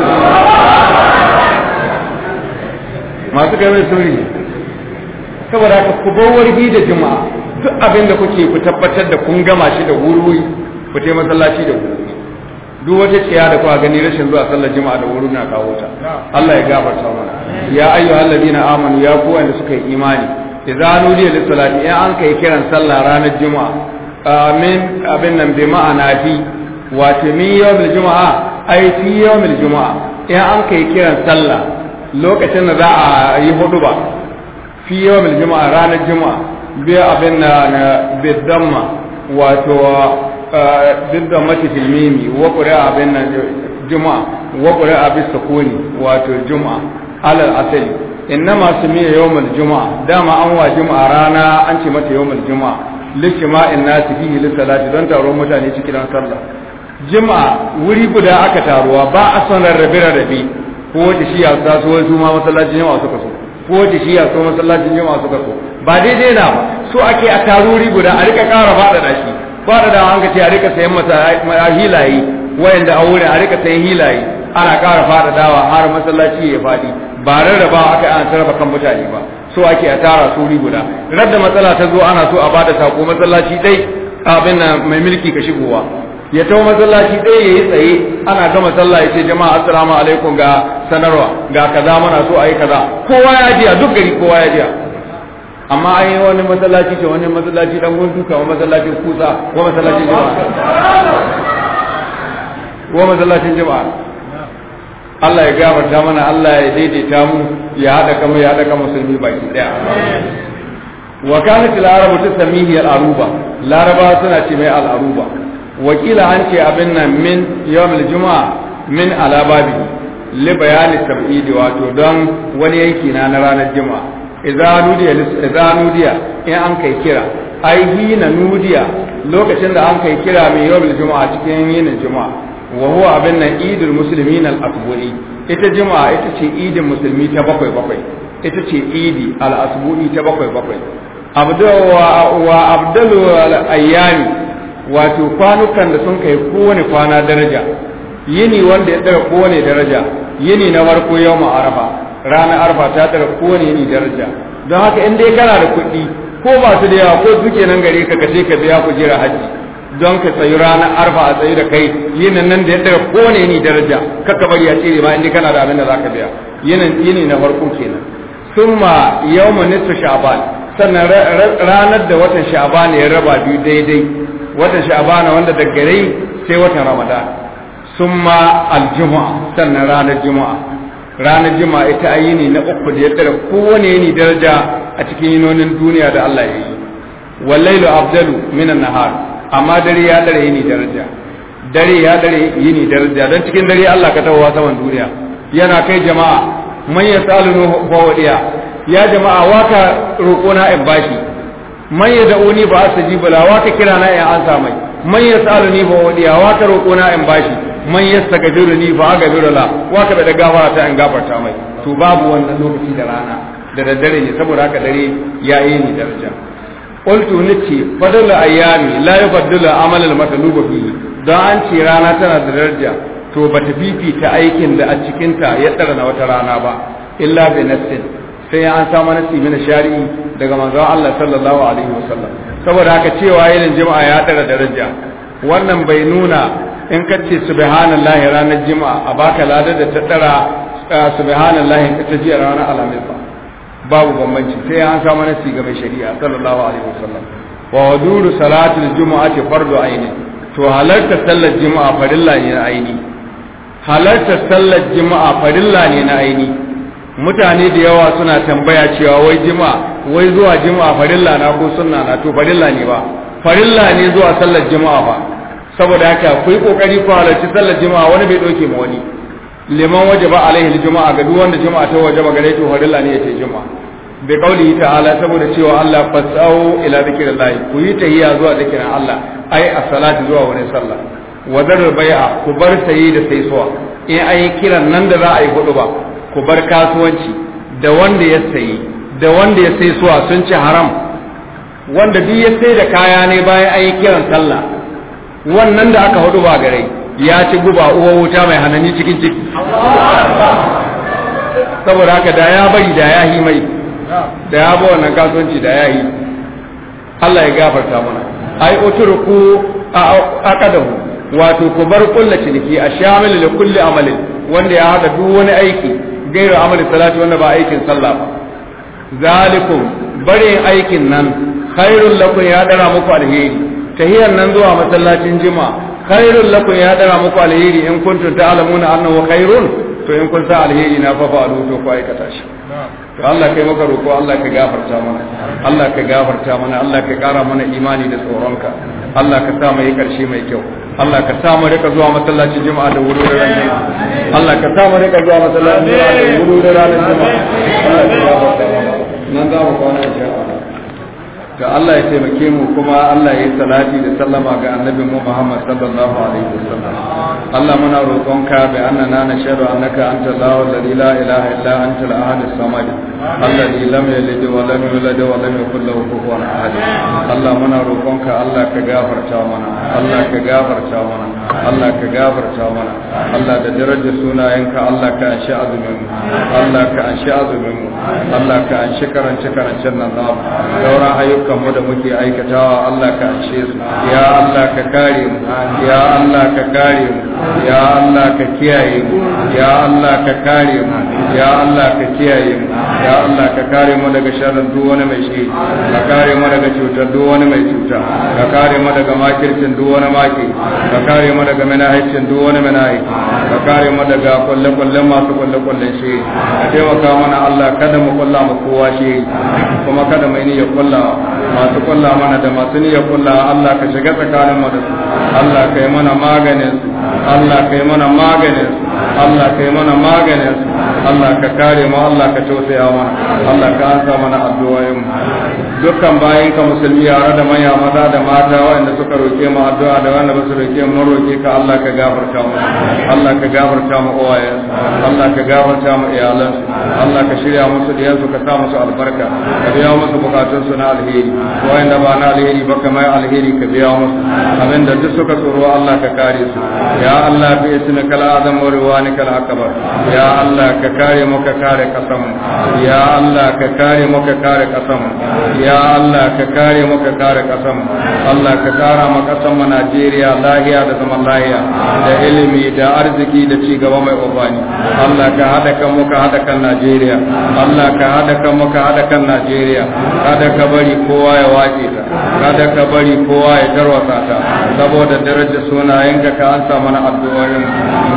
masu kai mai suri saboda ka ku bar wargi da jima'a duk abin da kuke ku tabbatar da kun gama shi da wuri ku taimaka masallaci da wuri duk wata ciya da kuwa gani rashin zuwa sallar juma'a da wurin na kawo ta Allah ya gafarta mana ya ayyuhal ladina amanu ya ku wanda suka yi imani idza nudiya lis salati in an kai kiran sallah ranar juma'a amin abin nan bi ma'ana fi wato min yawmil juma'a ai fi yawmil juma'a in an kai kiran sallah lokacin da za a yi hudu ba fi yawmil juma'a ranar juma'a bi abin nan bi damma wato duk da mati filmimi wa ƙuri'a abin nan juma'a wa ƙuri'a bis sakoni wato juma'a alal asali inna ma su miya yawmul juma'a dama an wa juma'a rana an ce mata yawmul juma'a lishima'in nasi fihi salati don taron mutane cikin sallah juma'a wuri guda aka taruwa ba a son rarrabe rarrabe ko wata shi ya so su ma masallacin jama'a suka so ko wata shi ya so masallacin jama'a suka so ba daidai na ba so ake a taruri guda a rika ƙara faɗaɗa shi fada da an ce a rika sayan masa hilaye wayanda a wuri a rika sayan hilaye ana ƙara fada dawa har masallaci ya fadi ba rarraba aka an sarrafa kan mutane ba so ake a tara suri guda radda matsala ta zo ana so a bada sako masallaci dai abin nan mai mulki ka shigowa ya tawo masallaci ɗaya ya yi tsaye ana gama sallah ya jama'a assalamu alaikum ga sanarwa ga kaza mana so ayi kaza kowa ya jiya duk gari kowa ya jiya amma an ai wani masallaci ke wani masallaci dan guntu kamar masallacin kusa ko masallacin jama'a ko masallacin jama'a Allah ya gafarta mana Allah ya daidaita mu ya hada kama ya hada kama musulmi baki daya wa kanat al-arabu tasmihi al-aruba laraba suna ce mai al-aruba wakila an ce abin nan min yawmil juma'a min alababi li bayani tab'idi wato don wani yanki na ranar juma'a idza nudiya idza in an kai kira ai hina nudiya lokacin da an kai kira mai yawmul juma'a cikin yinin juma'a wa huwa abin nan idul musulmin al asbu'i ita juma'a ita ce idin musulmi ta bakwai bakwai ita ce idi al asbu'i ta bakwai bakwai wa abdalu al ayyami wato kwanukan da sun kai kowane kwana daraja yini wanda ya daga kowane daraja yini na farko yau ma'araba. ranar arfa ta tara kowane yini daraja don haka in dai kana da kuɗi ko ba su da yawa ko duke nan gare ka kashe ka biya kujera haji don ka tsayi ranar arfa a tsayi da kai yinin nan da ya daga kowane yini daraja kakka bari a cire ba in dai kana da abin da za ka biya yinin yini na farko kenan summa yawma nisfu sha'ban sannan ranar da watan sha'ban ya raba biyu daidai watan sha'ban wanda daga rai sai watan ramadan summa aljumu'a sannan ranar juma'a ranar jima ita ayi ne na uku da ya tsara kowane yini daraja a cikin yinonin duniya da Allah ya yi wallailu afdalu minan nahar amma dare ya dare yini daraja dare ya dare yini daraja don cikin dare Allah ka tawowa saman duniya yana kai jama'a man yasaluhu bawadiya ya jama'a waka roƙona in bashi man uni ba astajibu la waka kirana in ansa mai man ni bawadiya waka roƙona in bashi man yastaghfiruni fa aghfiru la wa ka da gawa ta in gafarta mai to babu wannan lokaci da rana da daddare ne saboda haka dare ya yi ni daraja qultu nace fadal ayami la yubaddalu amal al matluba fi da an ce rana tana da daraja to ba ta fifita aikin da a cikin ta ya tsara na wata rana ba illa bi nafsin sai an samu nafsi min shari'i daga manzon Allah sallallahu alaihi wasallam saboda haka cewa yin jama'a ya tsara daraja wannan bai nuna in ka ce subhanallahi ranar jima'a a baka ladar da ta tsara subhanallahi in ta jiya ranar alhamis ba babu bambanci sai an samu nasi ga mai shari'a sallallahu alaihi wasallam wa waduru salatul jumu'a ce fardu aini to halarta sallar jima'a farilla ne na aini halarta sallar jima'a farilla ne na aini mutane da yawa suna tambaya cewa wai jima'a wai zuwa jima'a farilla na ko sunna na to farilla ne ba farilla ne zuwa sallar jima'a ba saboda haka ku yi kokari ku halarci sallar juma'a wani bai doke ma wani liman wajaba alaihi juma'a ga duk wanda juma'a ta wajaba gare to farilla ne yace juma'a bi qauli ta'ala saboda cewa Allah fasau ila zikrillah ku yi tahiyya zuwa zikirin Allah ai a salati zuwa wani sallah wa darar bai'a ku bar sayi da sai suwa in ai kiran nan da za a yi hudu ba ku bar kasuwanci da wanda ya sayi da wanda ya sai suwa sun ci haram wanda duk ya sai da kaya ne bayan ai kiran sallah wannan da aka hudu ba gare ya ci guba uwa wuta mai hanani cikin ciki saboda haka da ya bari da ya hi mai da ya bawa wannan kasuwanci da ya yi Allah ya gafarta mana ai utruku kadahu wato ku bar kullu ciniki a shamil li kulli amalin wanda ya hada duk wani aiki gairu amalin salati wanda ba aikin sallah ba zalikum bare aikin nan khairul lakum ya dara muku alheri tahiyar nan zuwa masallacin jima khairul lakum ya dara muku alheri in kuntum ta'lamuna annahu khairun to in kun sa alheri na fa fa'alu to ku aikata shi to Allah kai maka roko Allah ka gafarta mana Allah ka gafarta mana Allah ka kara mana imani da tsoronka Allah ka sa mai karshe mai kyau Allah ka sa mu rika zuwa masallacin juma'a da wuri da ranar Allah ka sa mu rika zuwa masallacin juma'a da wuri da ranar juma'a Allah ka gafarta mana nan za mu kwana insha Allah ga Allah ya taimake mu kuma Allah ya yi salati da sallama ga annabin mu Muhammad sallallahu alaihi wasallam Allah muna ka bi annana nashhadu annaka anta Allahu la ilaha illa anta antal ahad as-samad alladhi lam yalid wa lam yulad wa lam yakul lahu kufuwan ahad Allah muna ka Allah ka gafarta mana Allah ka gafarta mana Allah ka gafarta mana Allah da daraja sunayenka Allah ka anshi azumin mu Allah ka anshi azumin mu Allah ka anshi karance karancen nan namu sauran ayyuka ayyukan da muke aikatawa Allah ka ashe su ya Allah ka kare mu ya Allah ka kare mu ya Allah ka kiyaye mu ya Allah ka kare mu ya Allah ka kiyaye mu ya Allah ka kare mu daga sharrin duk wani mai shi ka kare mu daga cutar duk wani mai cuta ka kare mu daga makircin duk wani maki ka kare mu daga manahicin duk wani manahi ka kare mu daga kulle kulle masu kulle kulle shi ka taimaka mana Allah kada mu kulla mu kowa shi kuma kada mu ni ya kulla masu kulla mana da masu ni ya kulla Allah ka shiga tsakanin mu da su Allah ka yi mana maganin Allah ka yi mana maganin Allah ka yi mana maganin Allah ka kare mu Allah ka tausaya mana Allah ka ansa mana addu'o'in mu dukkan bayin ka musulmi yare da manya maza da mata wanda suka roke mu addu'a da wanda basu roke mu roke ka Allah ka gafarta mu Allah ka gafarta mu uwaye Allah ka gafarta mu iyalan Allah ka shirya musu diyan su ka sa musu albarka ka biya musu bukatun su na alheri waɗanda ba na alheri ba mai alheri ka biya musu abinda duk suka tsoro Allah ka kare su ya Allah bi ismika al-azam wa riwanika al-akbar ya Allah ka kare mu ka kare kasanmu ya Allah ka kare mu ka kare kasanmu ya Allah ka kare mu ka kare kasanmu Allah ka kara mu kasan Najeriya lahiya da zaman lahiya da ilimi da arziki da ci gaba mai ubani Allah ka hada kan mu ka hada kan Najeriya Allah ka hada kan mu ka hada kan Najeriya kada ka bari kowa ya wace ta kada ka bari kowa ya tarwata ta saboda darajar sunayen ka ansa mana addu'o'in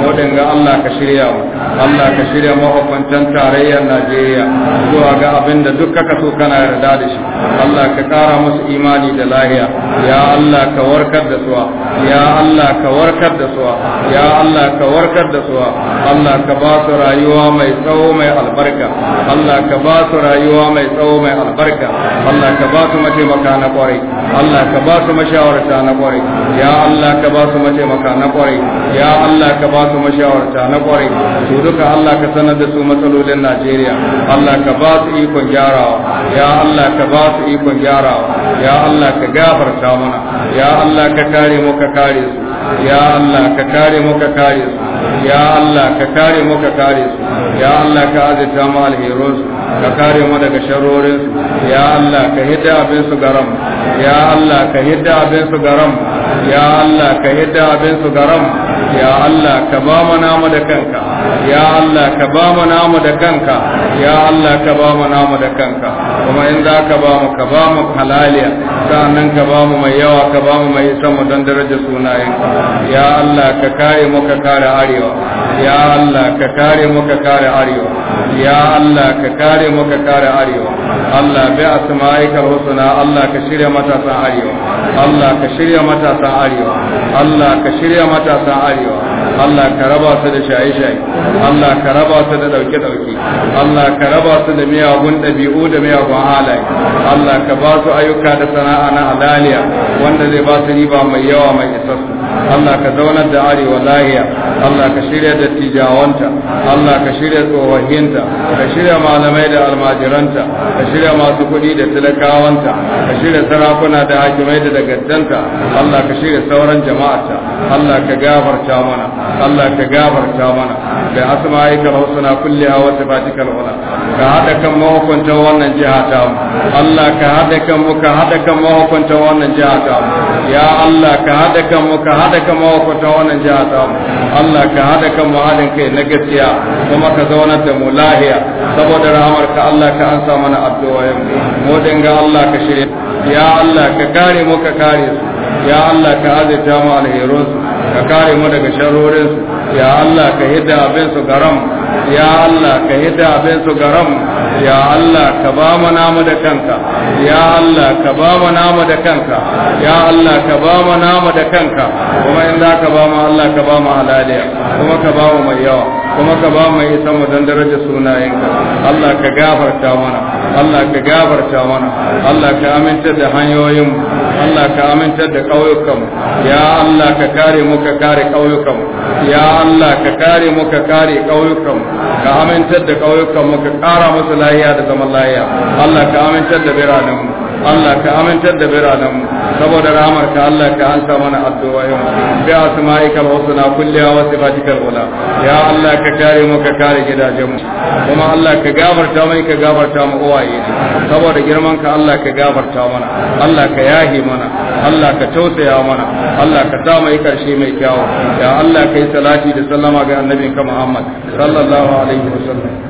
mu dinga Allah ka shirya mu Allah ka shirya mu mahukuntan tarayyar Najeriya zuwa ga abin da duk kaka so kana yarda da shi Allah ka kara musu imani da lahiya ya Allah ka warkar da suwa ya Allah ka warkar da suwa ya Allah ka warkar da suwa Allah ka ba su rayuwa mai tsawo mai albarka Allah ka ba su rayuwa mai tsawo mai albarka Allah ka ba su mataimaka na kwarai Allah ka ba su mashawarta na kwarai ya Allah ka ba su mataimaka na kwarai ya Allah ka ba su mashawarta na kwarai Su duka Allah ka sanar da da su matsalolin Najeriya Allah ka ba su ikon gyarawa ya Allah ka ba su ikon gyarawa ya Allah ka gafarta mana ya Allah ka kare mu ka kare su ya Allah ka kare mu ka kare su ya Allah ka kare mu ka kare su ya Allah ka azita mu alherun su ka kare mu daga sharorin su ya Allah ka hidda abin su garam ya Allah ka hidda abin su garam ya Allah ka hidda abin su garam ya Allah ka ba mu nama da kanka ya Allah ka ba mu namu da kanka ya Allah ka ba namu da kanka kuma in za ka ba mu ka ba mu halaliya sa'annan ka ba mai yawa ka ba mu mai isa mu don daraja sunayen ya Allah ka kare mu ka kare arewa ya Allah ka kare mu ka kare arewa Allah ka kare mu ka kare arewa Allah bi asma'ika husna Allah ka shirya arewa Allah ka shirya matasa arewa Allah ka shirya arewa Allah ka raba su da shaye-shaye Allah ka raba su da ɗauke-ɗauke. Allah ka raba su da miyagun ɗabi'u da miyagun halaye Allah ka ba su ayyuka da sana'a na halaliya wanda zai ba su riba mai yawa mai isassu Allah ka zaunar da arewa lahiya Allah ka shirya da tijawanta Allah ka shirya tsohahinta ka shirya malamai da almajiranta ka shirya masu kuɗi da talakawanta ka shirya sarakuna da hakimai da dagaddanta Allah ka shirya sauran jama'ata Allah ka gafarta mana Allah ka gafarta mana da asma'ika husna kulliha wa sifatikal ula ka hada kan mahukuntan wannan jiha ta mu Allah ka hada kan mu ka hada kan mahukuntan wannan jiha ta mu ya Allah ka hada kan mu ka hada haɗa kan mawakwatan wannan jiha ta Allah ka haɗa kan mu kai na gaskiya kuma ka zaunar da mu lahiya saboda rahamar ka Allah ka ansa mana addu'a mu dinga Allah ka shirya ya Allah ka kare mu ka kare su ya Allah ka azurta mu alherinsu ka kare mu daga sharorinsu ya Allah ka hidda abin su garam ya Allah ka hidda abin su garam ya Allah ka ba mu namu da kanka ya Allah ka ba mu namu da kanka ya Allah ka ba mu namu da kanka kuma in za ka ba mu Allah ka ba mu halaliya kuma ka ba mu mai yawa kuma ka ba mu isa mu dan daraja sunayenka Allah ka gafarta mana Allah ka gafarta mana Allah ka aminta da hanyoyin Allah ka aminta da ƙauyukan ya Allah ka kare mu ka kare ƙauyukan ya Allah ka kare mu ka kare ƙauyukan ka amintar da ƙauyukan mu ka ƙara musu lahiya da zaman lahiya Allah ka amintar da biranen mu Allah ka amintar da biranen mu saboda ramar ka Allah ka ansa mana addu'a yau bi asma'ikal husna kulliha wa sifatikal ula ya Allah ka kare mu ka kare gidajen mu kuma Allah ka gafarta mu ka gafarta mu uwaye saboda girman ka Allah ka gafarta mana Allah ka yahi mana Allah ka tausaya mana Allah ka sa mai karshe mai kyau ya Allah kai salati da sallama ga ka Muhammad sallallahu alaihi wasallam